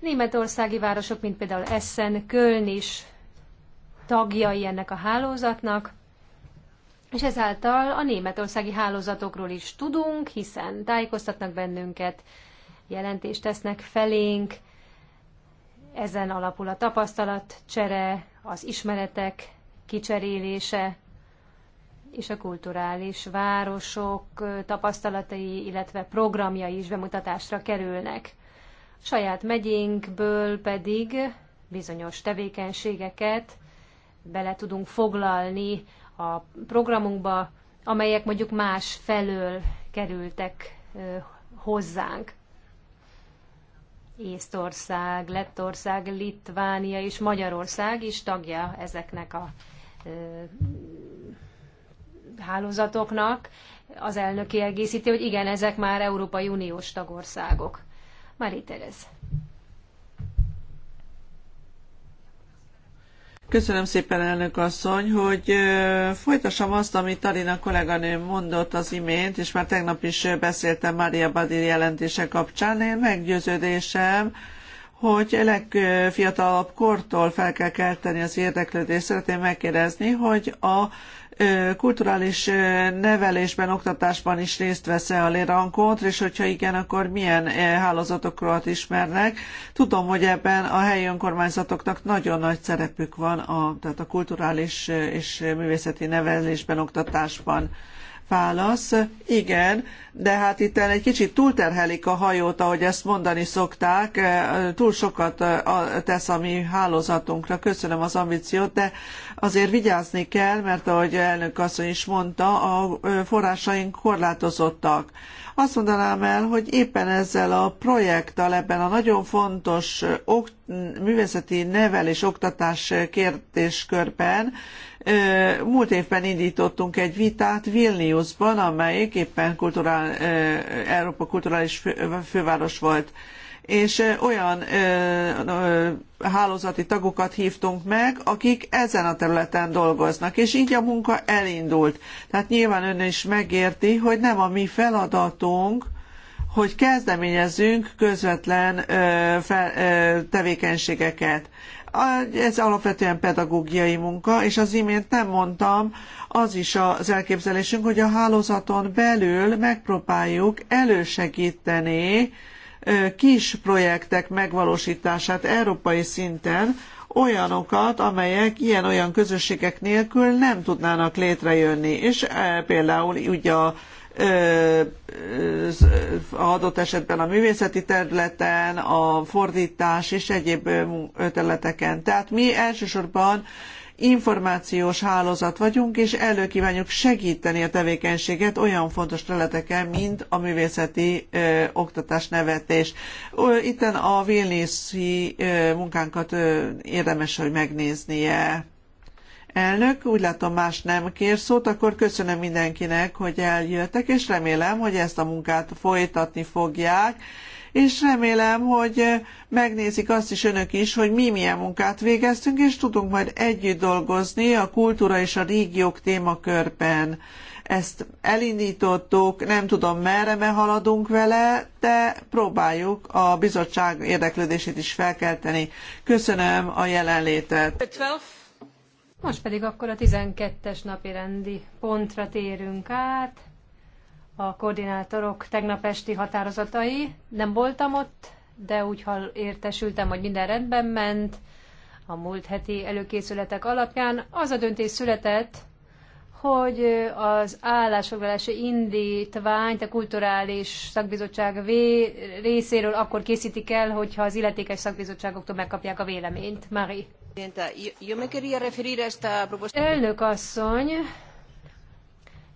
Németországi városok, mint például Essen, Köln is tagjai ennek a hálózatnak, és ezáltal a németországi hálózatokról is tudunk, hiszen tájékoztatnak bennünket, jelentést tesznek felénk, ezen alapul a tapasztalat csere, az ismeretek kicserélése, és a kulturális városok tapasztalatai, illetve programjai is bemutatásra kerülnek. Saját megyénkből pedig bizonyos tevékenységeket bele tudunk foglalni a programunkba, amelyek mondjuk más felől kerültek hozzánk. Észtország, Lettország, Litvánia és Magyarország is tagja ezeknek a hálózatoknak. Az elnök kiegészíti, hogy igen, ezek már Európai Uniós tagországok. Mari Terez. Köszönöm szépen, elnök asszony, hogy folytassam azt, amit Tarina kolléganőm mondott az imént, és már tegnap is beszéltem Mária Badir jelentése kapcsán. Én meggyőződésem, hogy legfiatalabb kortól fel kell kelteni az érdeklődést. Szeretném megkérdezni, hogy a kulturális nevelésben, oktatásban is részt vesz-e a Lérankontr, és hogyha igen, akkor milyen hálózatokat ismernek. Tudom, hogy ebben a helyi önkormányzatoknak nagyon nagy szerepük van a, tehát a kulturális és művészeti nevelésben, oktatásban. Válasz, igen, de hát itt egy kicsit túlterhelik a hajót, ahogy ezt mondani szokták, túl sokat tesz a mi hálózatunkra, köszönöm az ambíciót, de azért vigyázni kell, mert ahogy elnök asszony is mondta, a forrásaink korlátozottak. Azt mondanám el, hogy éppen ezzel a projekttel, ebben a nagyon fontos ok, művészeti nevelés oktatás kérdéskörben Múlt évben indítottunk egy vitát Vilniusban, amelyik éppen kulturál, Európa kulturális főváros volt és olyan ö, ö, hálózati tagokat hívtunk meg, akik ezen a területen dolgoznak, és így a munka elindult. Tehát nyilván ön is megérti, hogy nem a mi feladatunk, hogy kezdeményezünk közvetlen ö, tevékenységeket. Ez alapvetően pedagógiai munka, és az imént nem mondtam, az is az elképzelésünk, hogy a hálózaton belül megpróbáljuk elősegíteni kis projektek megvalósítását európai szinten, olyanokat, amelyek ilyen-olyan közösségek nélkül nem tudnának létrejönni. És e, például ugye a adott esetben a művészeti területen, a fordítás és egyéb területeken. Tehát mi elsősorban információs hálózat vagyunk, és elő kívánjuk segíteni a tevékenységet olyan fontos területeken, mint a művészeti ö, oktatás nevetés. Ö, itten a Vilniuszi munkánkat ö, érdemes, hogy megnéznie. Elnök, úgy látom más nem kér szót, akkor köszönöm mindenkinek, hogy eljöttek, és remélem, hogy ezt a munkát folytatni fogják, és remélem, hogy megnézik azt is önök is, hogy mi milyen munkát végeztünk, és tudunk majd együtt dolgozni a kultúra és a régiók témakörben. Ezt elindítottuk, nem tudom merre haladunk vele, de próbáljuk a bizottság érdeklődését is felkelteni. Köszönöm a jelenlétet. 12. Most pedig akkor a 12-es napi rendi pontra térünk át. A koordinátorok tegnap esti határozatai. Nem voltam ott, de úgy értesültem, hogy minden rendben ment. A múlt heti előkészületek alapján az a döntés született, hogy az állásfoglalási indítványt a kulturális szakbizottság részéről akkor készítik el, hogyha az illetékes szakbizottságoktól megkapják a véleményt. Mari. Elnök asszony,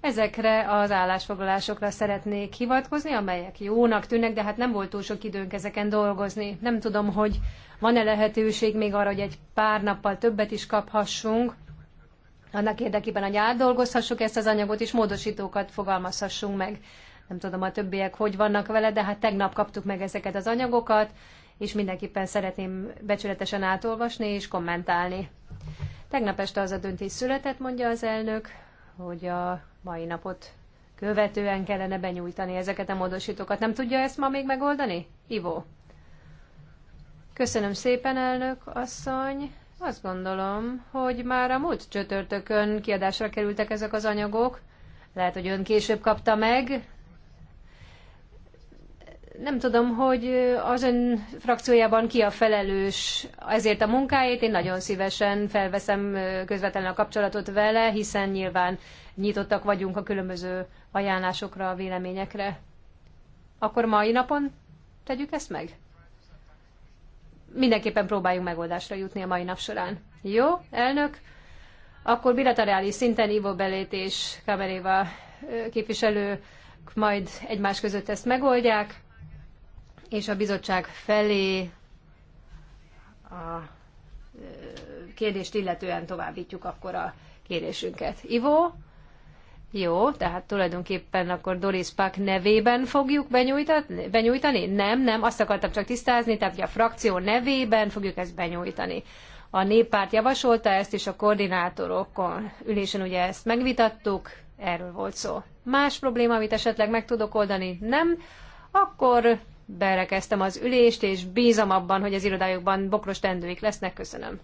ezekre az állásfoglalásokra szeretnék hivatkozni, amelyek jónak tűnnek, de hát nem volt túl sok időnk ezeken dolgozni. Nem tudom, hogy van-e lehetőség még arra, hogy egy pár nappal többet is kaphassunk, annak érdekében, hogy átdolgozhassuk ezt az anyagot, és módosítókat fogalmazhassunk meg. Nem tudom, a többiek hogy vannak vele, de hát tegnap kaptuk meg ezeket az anyagokat, és mindenképpen szeretném becsületesen átolvasni és kommentálni. Tegnap este az a döntés született, mondja az elnök, hogy a mai napot követően kellene benyújtani ezeket a módosítókat. Nem tudja ezt ma még megoldani? Ivo. Köszönöm szépen, elnök asszony. Azt gondolom, hogy már a múlt csütörtökön kiadásra kerültek ezek az anyagok. Lehet, hogy ön később kapta meg, nem tudom, hogy az ön frakciójában ki a felelős ezért a munkáért. Én nagyon szívesen felveszem közvetlenül a kapcsolatot vele, hiszen nyilván nyitottak vagyunk a különböző ajánlásokra, a véleményekre. Akkor mai napon tegyük ezt meg? Mindenképpen próbáljunk megoldásra jutni a mai nap során. Jó, elnök? Akkor bilaterális szinten Ivo Belét és Kameréva képviselők majd egymás között ezt megoldják és a bizottság felé a kérdést illetően továbbítjuk akkor a kérésünket. Ivo? Jó, tehát tulajdonképpen akkor Doris Pak nevében fogjuk benyújtani? benyújtani? Nem, nem, azt akartam csak tisztázni, tehát hogy a frakció nevében fogjuk ezt benyújtani. A néppárt javasolta ezt, és a koordinátorokon ülésen ugye ezt megvitattuk, erről volt szó. Más probléma, amit esetleg meg tudok oldani? Nem, akkor berekeztem az ülést, és bízom abban, hogy az irodájukban bokros tendőik lesznek. Köszönöm.